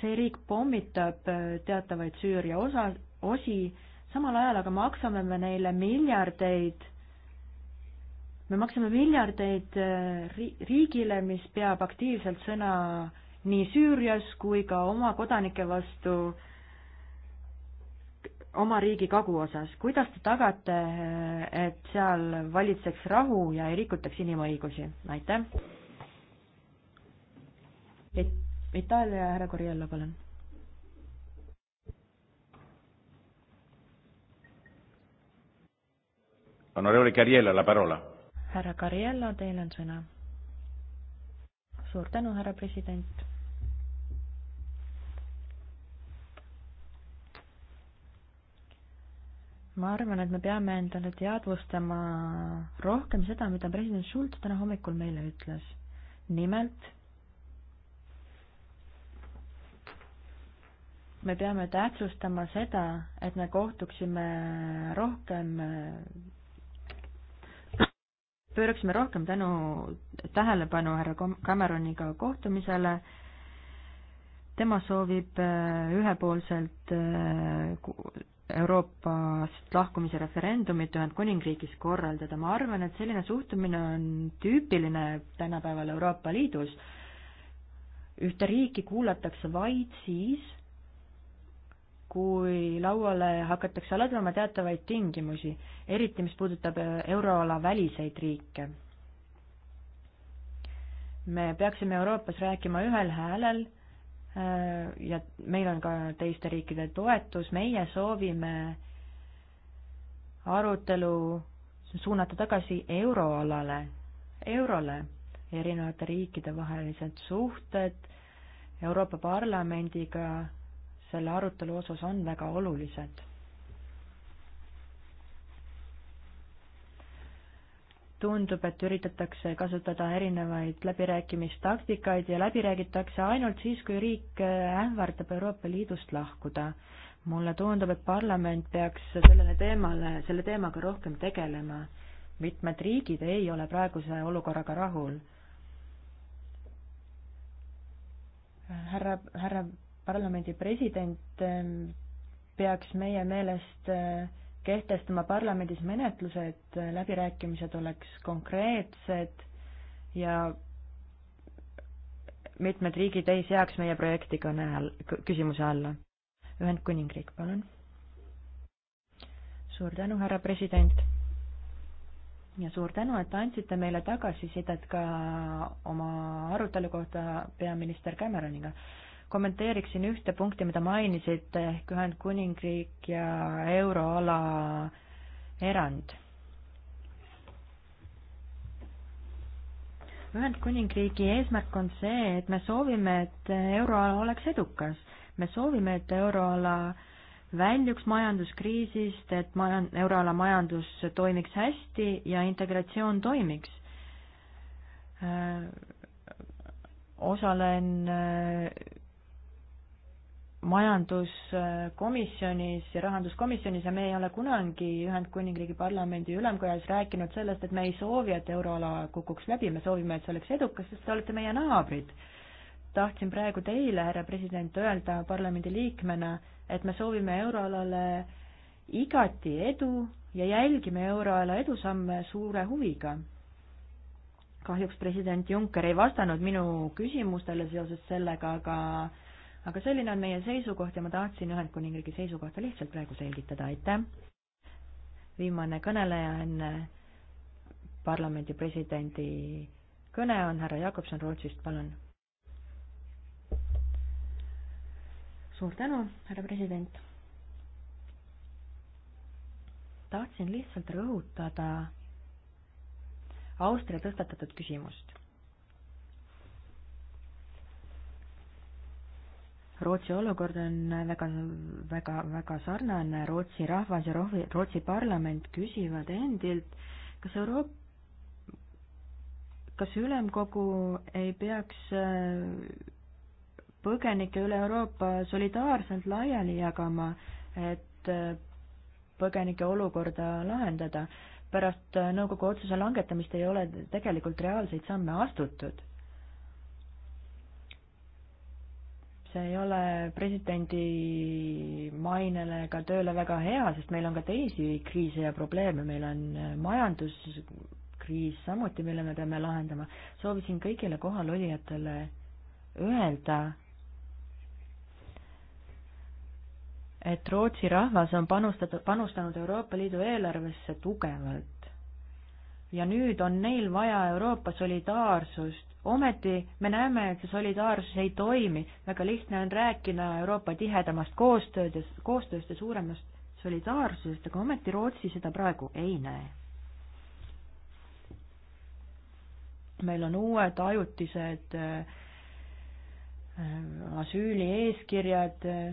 see riik pommitab äh, teatavaid Süüria osa, osi samal ajal aga maksame me neile miljardeid, me maksame miljardeid äh, riigile, mis peab aktiivselt sõna nii Süürias kui ka oma kodanike vastu oma riigi kaguosas. kuidas te tagate, äh, et seal valitseks rahu ja ei rikutaks inimõigusi? aitäh! Itaalia härra Corriello, palun Honorable Carriella, la parola. härra Carriella, teil on sõna. suur tänu, härra president. ma arvan, et me peame endale teadvustama rohkem seda, mida president Schulz täna hommikul meile ütles. nimelt me peame tähtsustama seda, et me kohtuksime rohkem pööraksime rohkem tänu, tähelepanu härra Cameroniga kohtumisele, tema soovib äh, ühepoolselt äh, Euroopast lahkumise referendumit Ühendkuningriigis korraldada, ma arvan, et selline suhtumine on tüüpiline tänapäeval Euroopa Liidus. ühte riiki kuulatakse vaid siis, kui lauale hakatakse ladvama teatavaid tingimusi, eriti mis puudutab äh, euroala väliseid riike. me peaksime Euroopas rääkima ühel häälel äh, ja meil on ka teiste riikide toetus, meie soovime arutelu suunata tagasi euroalale, eurole, erinevate riikide vahelised suhted Euroopa Parlamendiga selle arutelu osas on väga olulised. tundub, et üritatakse kasutada erinevaid läbirääkimistaktikaid ja läbi räägitakse ainult siis, kui riik ähvardab Euroopa Liidust lahkuda. mulle tundub, et parlament peaks sellele teemale, selle teemaga rohkem tegelema. mitmed riigid ei ole praeguse olukorraga rahul härra, härra parlamendi president ähm, peaks meie meelest äh, kehtestama parlamendis menetluse, et äh, läbirääkimised oleks konkreetsed ja mitmed riigid ei seaks meie projekti kõne all, küsimuse alla. Ühendkuningriik, palun. suur tänu, härra president. ja suur tänu, et andsite meile tagasisidet ka oma arutelu kohta peaminister Cameroniga kommenteeriksin ühte punkti, mida mainisite, ehk Ühendkuningriik ja euroala erand. Ühendkuningriigi eesmärk on see, et me soovime, et euroala oleks edukas. me soovime, et euroala väljuks majanduskriisist, et majan-, euroala majandus toimiks hästi ja integratsioon toimiks. Äh, osalen äh, majanduskomisjonis ja rahanduskomisjonis ja me ei ole kunagi Ühendkuningriigi parlamendi ülemkojas rääkinud sellest, et me ei soovi, et euroala kukuks läbi, me soovime, et see oleks edukas, sest te olete meie naabrid. tahtsin praegu teile, härra president, öelda parlamendi liikmena, et me soovime euroalale igati edu ja jälgime euroala edusamme suure huviga. kahjuks president Juncker ei vastanud minu küsimustele seoses sellega, aga aga selline on meie seisukoht ja ma tahtsin Ühendkuningriigi seisukohta lihtsalt praegu selgitada, aitäh. viimane kõneleja enne parlamendi presidendi kõne on härra Jakobson Rootsist, palun. suur tänu, härra president. tahtsin lihtsalt rõhutada Austria tõstatatud küsimust. Rootsi olukord on väga, väga, väga sarnane, Rootsi rahvas ja rohvi, Rootsi parlament küsivad endilt, kas Euroop-, kas ülemkogu ei peaks põgenike üle Euroopa solidaarselt laiali jagama, et põgenike olukorda lahendada. pärast nõukogu otsuse langetamist ei ole tegelikult reaalseid samme astutud see ei ole presidendi mainele ega tööle väga hea, sest meil on ka teisi kriise ja probleeme, meil on äh, majanduskriis samuti, mille me peame lahendama. soovisin kõigile kohalolijatele öelda, et Rootsi rahvas on panustatud, panustanud Euroopa Liidu eelarvesse tugevalt. ja nüüd on neil vaja Euroopa solidaarsust ometi me näeme, et see solidaarsus ei toimi, väga lihtne on rääkida Euroopa tihedamast koostööd ja koostööst ja suuremast solidaarsusest, aga ometi Rootsi seda praegu ei näe. meil on uued ajutised äh, äh, asüüli eeskirjad äh,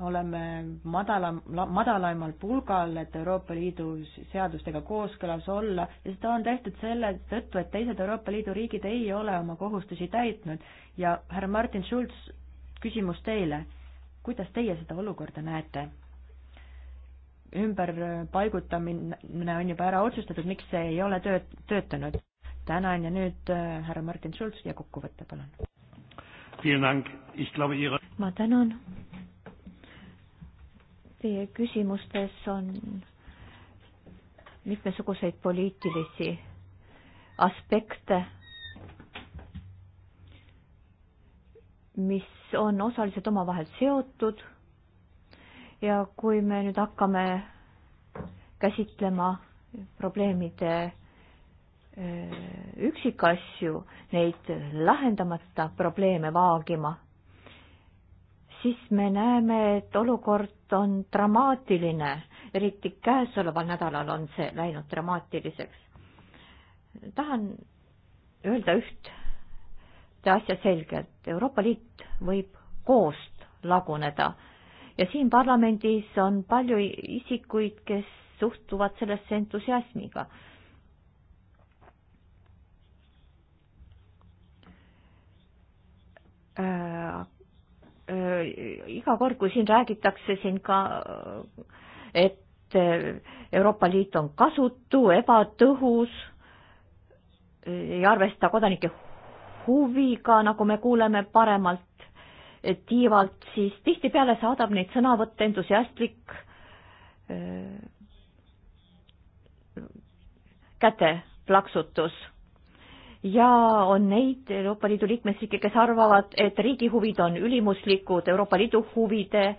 oleme madalam, madalaimal pulgal, et Euroopa Liidu seadustega kooskõlas olla ja seda on tehtud selle tõttu, et teised Euroopa Liidu riigid ei ole oma kohustusi täitnud ja härra Martin Schulz, küsimus teile, kuidas teie seda olukorda näete? ümberpaigutamine on juba ära otsustatud, miks see ei ole tööt-, töötanud? tänan ja nüüd äh, härra Martin Schulz ja kokkuvõte, palun. ma tänan Teie küsimustes on mitmesuguseid poliitilisi aspekte, mis on osaliselt omavahel seotud. ja kui me nüüd hakkame käsitlema probleemide äh, üksikasju, neid lahendamata probleeme vaagima siis me näeme, et olukord on dramaatiline, eriti käesoleval nädalal on see läinud dramaatiliseks. tahan öelda üht asja selgelt, Euroopa Liit võib koost laguneda ja siin parlamendis on palju isikuid, kes suhtuvad sellesse entusiasmiga. Äh, iga kord, kui siin räägitakse siin ka, et Euroopa Liit on kasutu, ebatõhus, ei arvesta kodanike huviga, nagu me kuuleme paremalt tiivalt, siis tihtipeale saadab neid sõnavõtte entusiastlik käteplaksutus ja on neid Euroopa Liidu liikmesriike, kes arvavad, et riigi huvid on ülimuslikud Euroopa Liidu huvide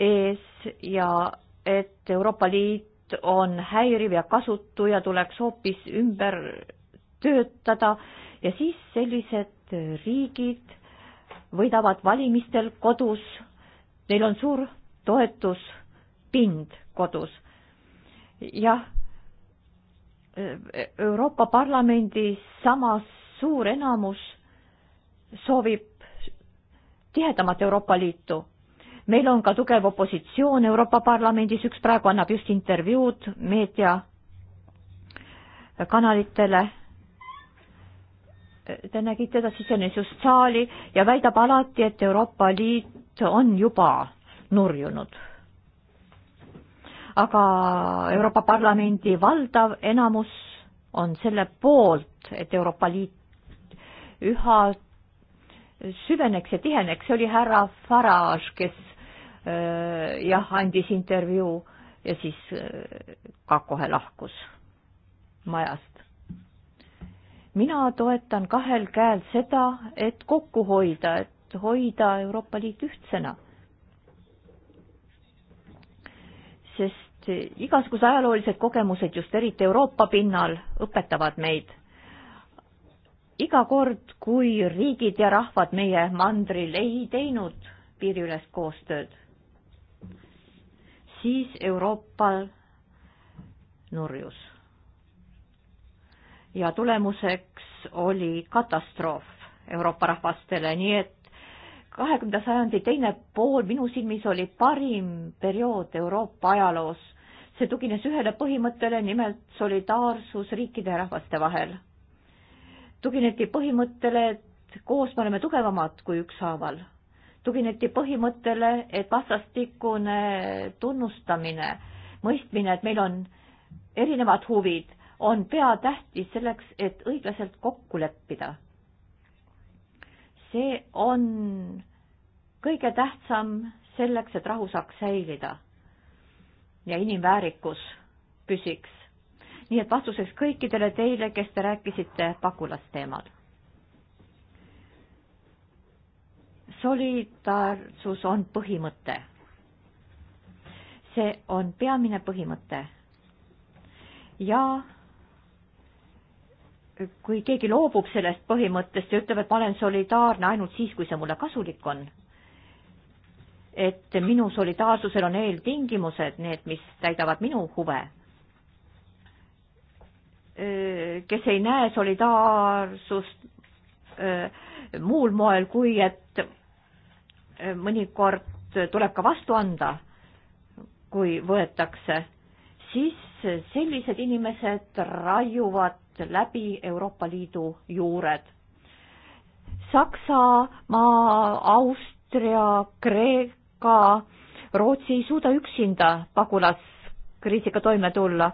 ees ja et Euroopa Liit on häiriv ja kasutu ja tuleks hoopis ümber töötada ja siis sellised riigid võidavad valimistel kodus, neil on suur toetuspind kodus. jah Euroopa Parlamendis samas suur enamus soovib tihedamat Euroopa Liitu. meil on ka tugev opositsioon Euroopa Parlamendis, üks praegu annab just intervjuud meediakanalitele. Te nägite, ta sisenes just saali ja väidab alati, et Euroopa Liit on juba nurjunud aga Euroopa Parlamendi valdav enamus on selle poolt, et Euroopa Liit üha süveneks ja tiheneks, see oli härra Farage, kes äh, jah, andis intervjuu ja siis äh, ka kohe lahkus majast. mina toetan kahel käel seda, et kokku hoida, et hoida Euroopa Liit ühtsena. sest igasugused ajaloolised kogemused just eriti Euroopa pinnal õpetavad meid. iga kord, kui riigid ja rahvad meie mandril ei teinud piiriülest koostööd, siis Euroopal nurjus. ja tulemuseks oli katastroof Euroopa rahvastele, nii et kahekümnenda sajandi teine pool minu silmis oli parim periood Euroopa ajaloos see tugines ühele põhimõttele, nimelt solidaarsus riikide ja rahvaste vahel. tugineti põhimõttele, et koos me oleme tugevamad kui ükshaaval. tugineti põhimõttele, et vastastikune tunnustamine, mõistmine, et meil on erinevad huvid, on peatähtis selleks, et õiglaselt kokku leppida. see on kõige tähtsam selleks, et rahu saaks säilida ja inimväärikus püsiks. nii et vastuseks kõikidele teile, kes te rääkisite pagulasteemal. solidaarsus on põhimõte. see on peamine põhimõte. ja kui keegi loobub sellest põhimõttest ja ütleb, et ma olen solidaarne ainult siis, kui see mulle kasulik on et minu solidaarsusel on eeltingimused, need, mis täidavad minu huve. kes ei näe solidaarsust muul moel, kui et mõnikord tuleb ka vastu anda, kui võetakse, siis sellised inimesed raiuvad läbi Euroopa Liidu juured. Saksamaa, Austria, Kreek, ka Rootsi ei suuda üksinda pagulaskriisiga toime tulla.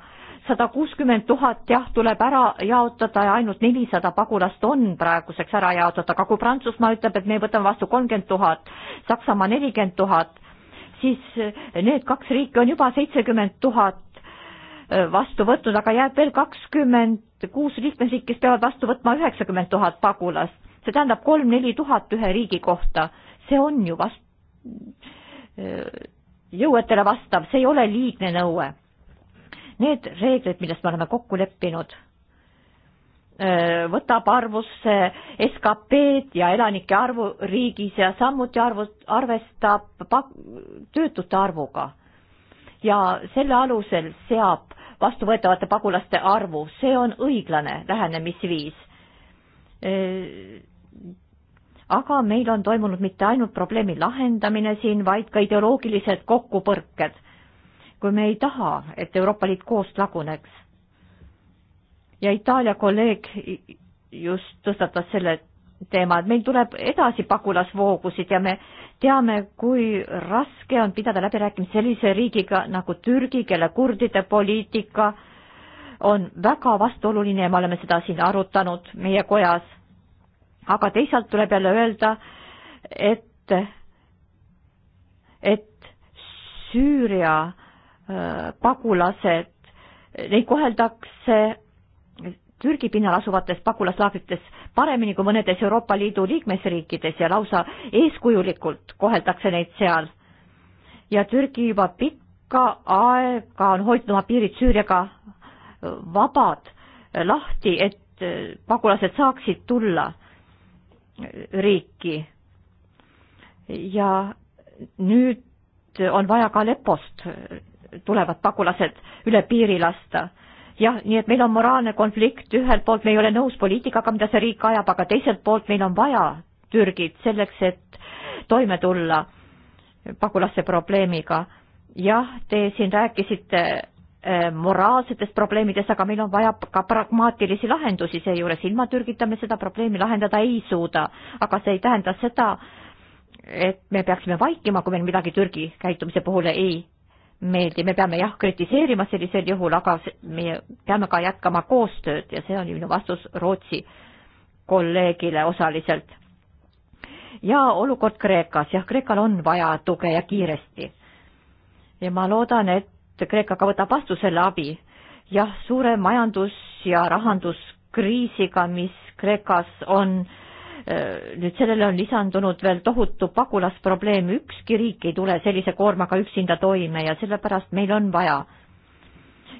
sada kuuskümmend tuhat jah, tuleb ära jaotada ja ainult nelisada pagulast on praeguseks ära jaotada, aga kui Prantsusmaa ütleb, et me võtame vastu kolmkümmend tuhat, Saksamaa nelikümmend tuhat, siis need kaks riiki on juba seitsekümmend tuhat äh, vastu võtnud, aga jääb veel kakskümmend kuus liikmesriiki, kes peavad vastu võtma üheksakümmend tuhat pagulast. see tähendab kolm-neli tuhat ühe riigi kohta. see on ju vast-, Äh, jõuetele vastav, see ei ole liigne nõue. Need reeglid, milles me oleme kokku leppinud, äh, võtab arvusse SKP-d ja elanike arvu riigis ja samuti arvu, arvestab töötute arvuga. ja selle alusel seab vastuvõetavate pagulaste arvu, see on õiglane lähenemisviis äh, aga meil on toimunud mitte ainult probleemi lahendamine siin, vaid ka ideoloogilised kokkupõrked, kui me ei taha, et Euroopa Liit koost laguneks. ja Itaalia kolleeg just tõstatas selle teema, et meil tuleb edasi pagulasvoogusid ja me teame, kui raske on pidada läbirääkimisi sellise riigiga nagu Türgi, kelle kurdide poliitika on väga vastuoluline ja me oleme seda siin arutanud meie kojas aga teisalt tuleb jälle öelda, et, et Süüria äh, pagulased, neid koheldakse Türgi pinnal asuvates pagulaslaagrites paremini kui mõnedes Euroopa Liidu liikmesriikides ja lausa eeskujulikult koheldakse neid seal. ja Türgi juba pikka aega on hoidnud oma piirid Süüriaga vabad, lahti, et äh, pagulased saaksid tulla riiki. ja nüüd on vaja ka Lepost tulevad pagulased üle piiri lasta. jah, nii et meil on moraalne konflikt, ühelt poolt me ei ole nõus poliitikaga, mida see riik ajab, aga teiselt poolt meil on vaja Türgit selleks, et toime tulla pagulaste probleemiga. jah, te siin rääkisite Äh, moraalsetest probleemidest, aga meil on vaja ka pragmaatilisi lahendusi seejuures, ilma Türgita me seda probleemi lahendada ei suuda. aga see ei tähenda seda, et me peaksime vaikima, kui meil midagi Türgi käitumise puhul ei meeldi, me peame jah, kritiseerima sellisel juhul, aga me peame ka jätkama koostööd ja see on minu vastus Rootsi kolleegile osaliselt. ja olukord Kreekas, jah, Kreekal on vaja tuge ja kiiresti. ja ma loodan, et et Kreeka ka võtab vastu selle abi. jah, suure majandus- ja rahanduskriisiga, mis Kreekas on, äh, nüüd sellele on lisandunud veel tohutu pagulasprobleem, ükski riik ei tule sellise koormaga üksinda toime ja sellepärast meil on vaja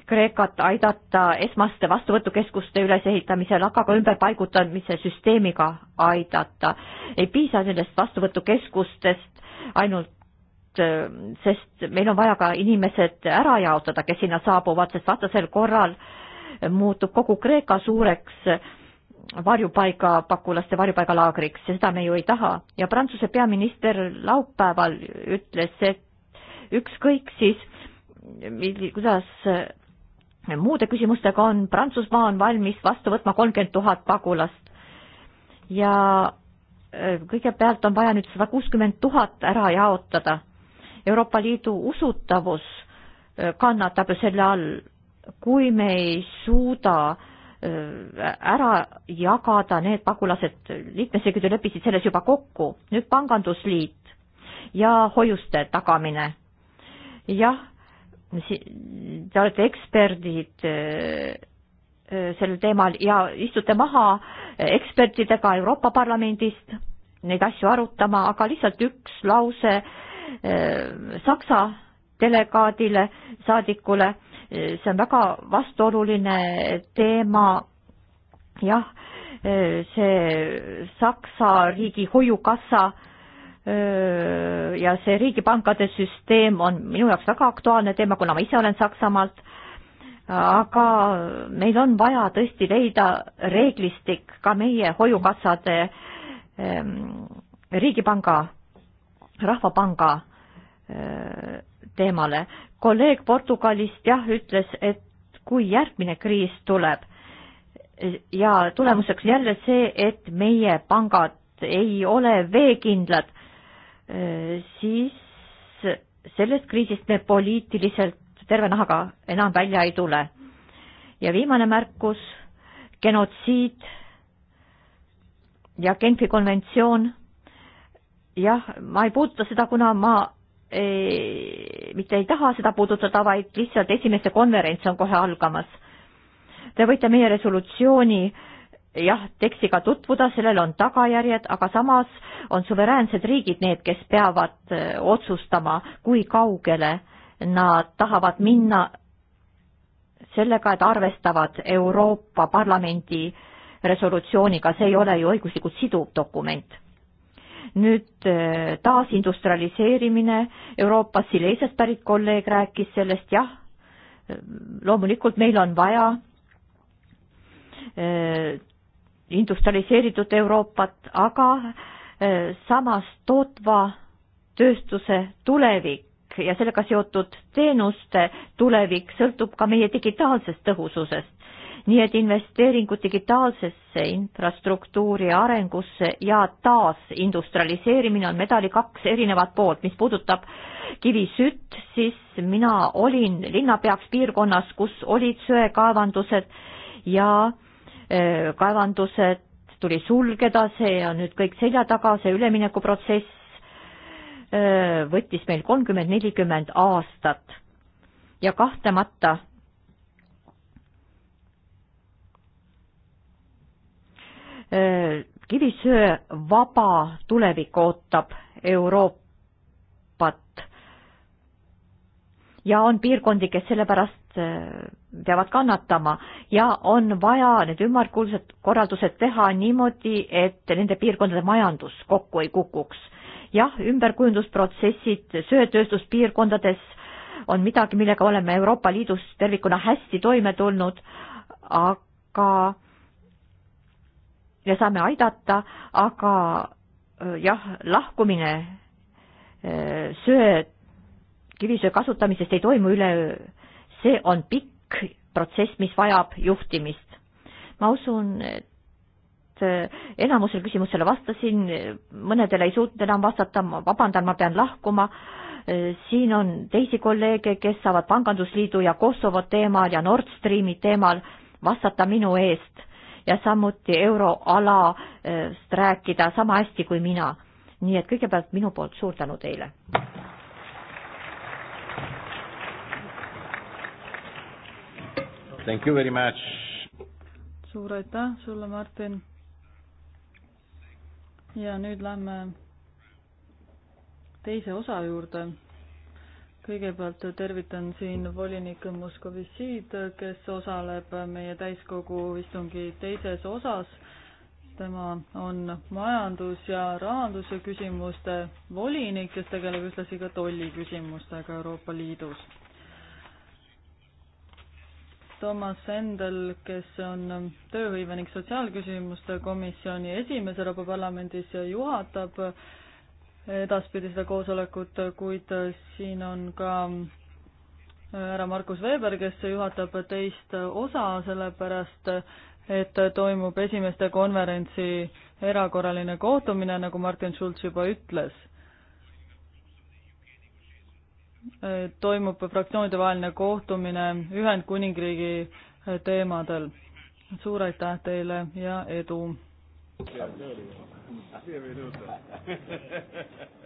Kreekat aidata esmaste vastuvõtukeskuste ülesehitamisel, aga ka ümberpaigutamise süsteemiga aidata. ei piisa sellest vastuvõtukeskustest ainult Äh, sest meil on vaja ka inimesed ära jaotada, kes sinna saabuvad, sest vastasel korral muutub kogu Kreeka suureks varjupaiga, pagulaste varjupaigalaagriks ja seda me ju ei taha. ja Prantsuse peaminister laupäeval ütles, et ükskõik siis, kuidas äh, muude küsimustega on, Prantsusmaa on valmis vastu võtma kolmkümmend tuhat pagulast. ja äh, kõigepealt on vaja nüüd sada kuuskümmend tuhat ära jaotada Euroopa Liidu usutavus äh, kannatab ju selle all, kui me ei suuda äh, ära jagada need pagulased, liikmesriigid ju leppisid selles juba kokku, nüüd pangandusliit ja hoiuste tagamine. jah, te olete eksperdid äh, sel teemal ja istute maha ekspertidega Euroopa Parlamendist neid asju arutama, aga lihtsalt üks lause Äh, Saksa delegaadile, saadikule, äh, see on väga vastuoluline teema, jah, äh, see Saksa riigi hoiukassa ja see riigipankade süsteem on minu jaoks väga aktuaalne teema, kuna ma ise olen Saksamaalt, aga meil on vaja tõesti leida reeglistik ka meie hoiukassade ähm, riigipanga Rahvapanga äh, teemale. kolleeg Portugalist jah, ütles, et kui järgmine kriis tuleb ja tulemuseks jälle see, et meie pangad ei ole veekindlad, äh, siis sellest kriisist me poliitiliselt terve nahaga enam välja ei tule. ja viimane märkus, genotsiid ja Genfi konventsioon jah, ma ei puuduta seda, kuna ma ei, mitte ei taha seda puudutada, vaid lihtsalt esimeste konverents on kohe algamas. Te võite meie resolutsiooni jah, tekstiga tutvuda, sellel on tagajärjed, aga samas on suveräänsed riigid need, kes peavad e, otsustama, kui kaugele nad tahavad minna sellega, et arvestavad Euroopa Parlamendi resolutsiooniga, see ei ole ju õiguslikult siduv dokument nüüd eh, taasindustrialiseerimine Euroopas, Silesiast pärit kolleeg rääkis sellest, jah, loomulikult meil on vaja eh, industrialiseeritud Euroopat, aga eh, samas tootva tööstuse tulevik ja sellega seotud teenuste tulevik sõltub ka meie digitaalsest tõhususest nii et investeeringud digitaalsesse infrastruktuuri arengusse ja taasindustrialiseerimine on medali kaks erinevat poolt. mis puudutab kivisütt, siis mina olin linnapeaks piirkonnas, kus olid söekaevandused ja eh, kaevandused tuli sulgeda, see on nüüd kõik selja taga, see üleminekuprotsess eh, võttis meil kolmkümmend, nelikümmend aastat. ja kahtlemata Äh, kivisöe vaba tulevik ootab Euroopat ja on piirkondi, kes selle pärast äh, peavad kannatama ja on vaja need ümmarkuulsad korraldused teha niimoodi, et nende piirkondade majandus kokku ei kukuks. jah, ümberkujundusprotsessid söetööstuspiirkondades on midagi, millega oleme Euroopa Liidus tervikuna hästi toime tulnud, aga ja saame aidata, aga jah, lahkumine söe, kivisöe kasutamisest ei toimu üleöö. see on pikk protsess, mis vajab juhtimist. ma usun, et enamusele küsimusele vastasin, mõnedele ei suutnud enam vastata, ma vabandan, ma pean lahkuma. siin on teisi kolleege, kes saavad Pangandusliidu ja Kosovo teemal ja Nord Streami teemal vastata minu eest ja samuti euroalast rääkida sama hästi kui mina. nii et kõigepealt minu poolt suur tänu teile. Thank you very much. suur aitäh sulle, Martin. ja nüüd lähme teise osa juurde kõigepealt tervitan siin volinik Moskovitšid, kes osaleb meie täiskogu istungi teises osas. tema on majandus- ja rahanduse küsimuste volinik, kes tegeleb ühtlasi ka tolliküsimustega Euroopa Liidus. Toomas Endel, kes on tööhõive ning sotsiaalküsimuste komisjoni esimees Euroopa Parlamendis, juhatab edaspidi seda koosolekut, kuid äh, siin on ka äh, härra Markus Veber, kes juhatab teist osa, sellepärast et toimub esimeste konverentsi erakorraline kohtumine, nagu Martin Schulz juba ütles. Äh, toimub fraktsioonidevaheline kohtumine Ühendkuningriigi teemadel. suur aitäh teile ja edu! Benvenuto.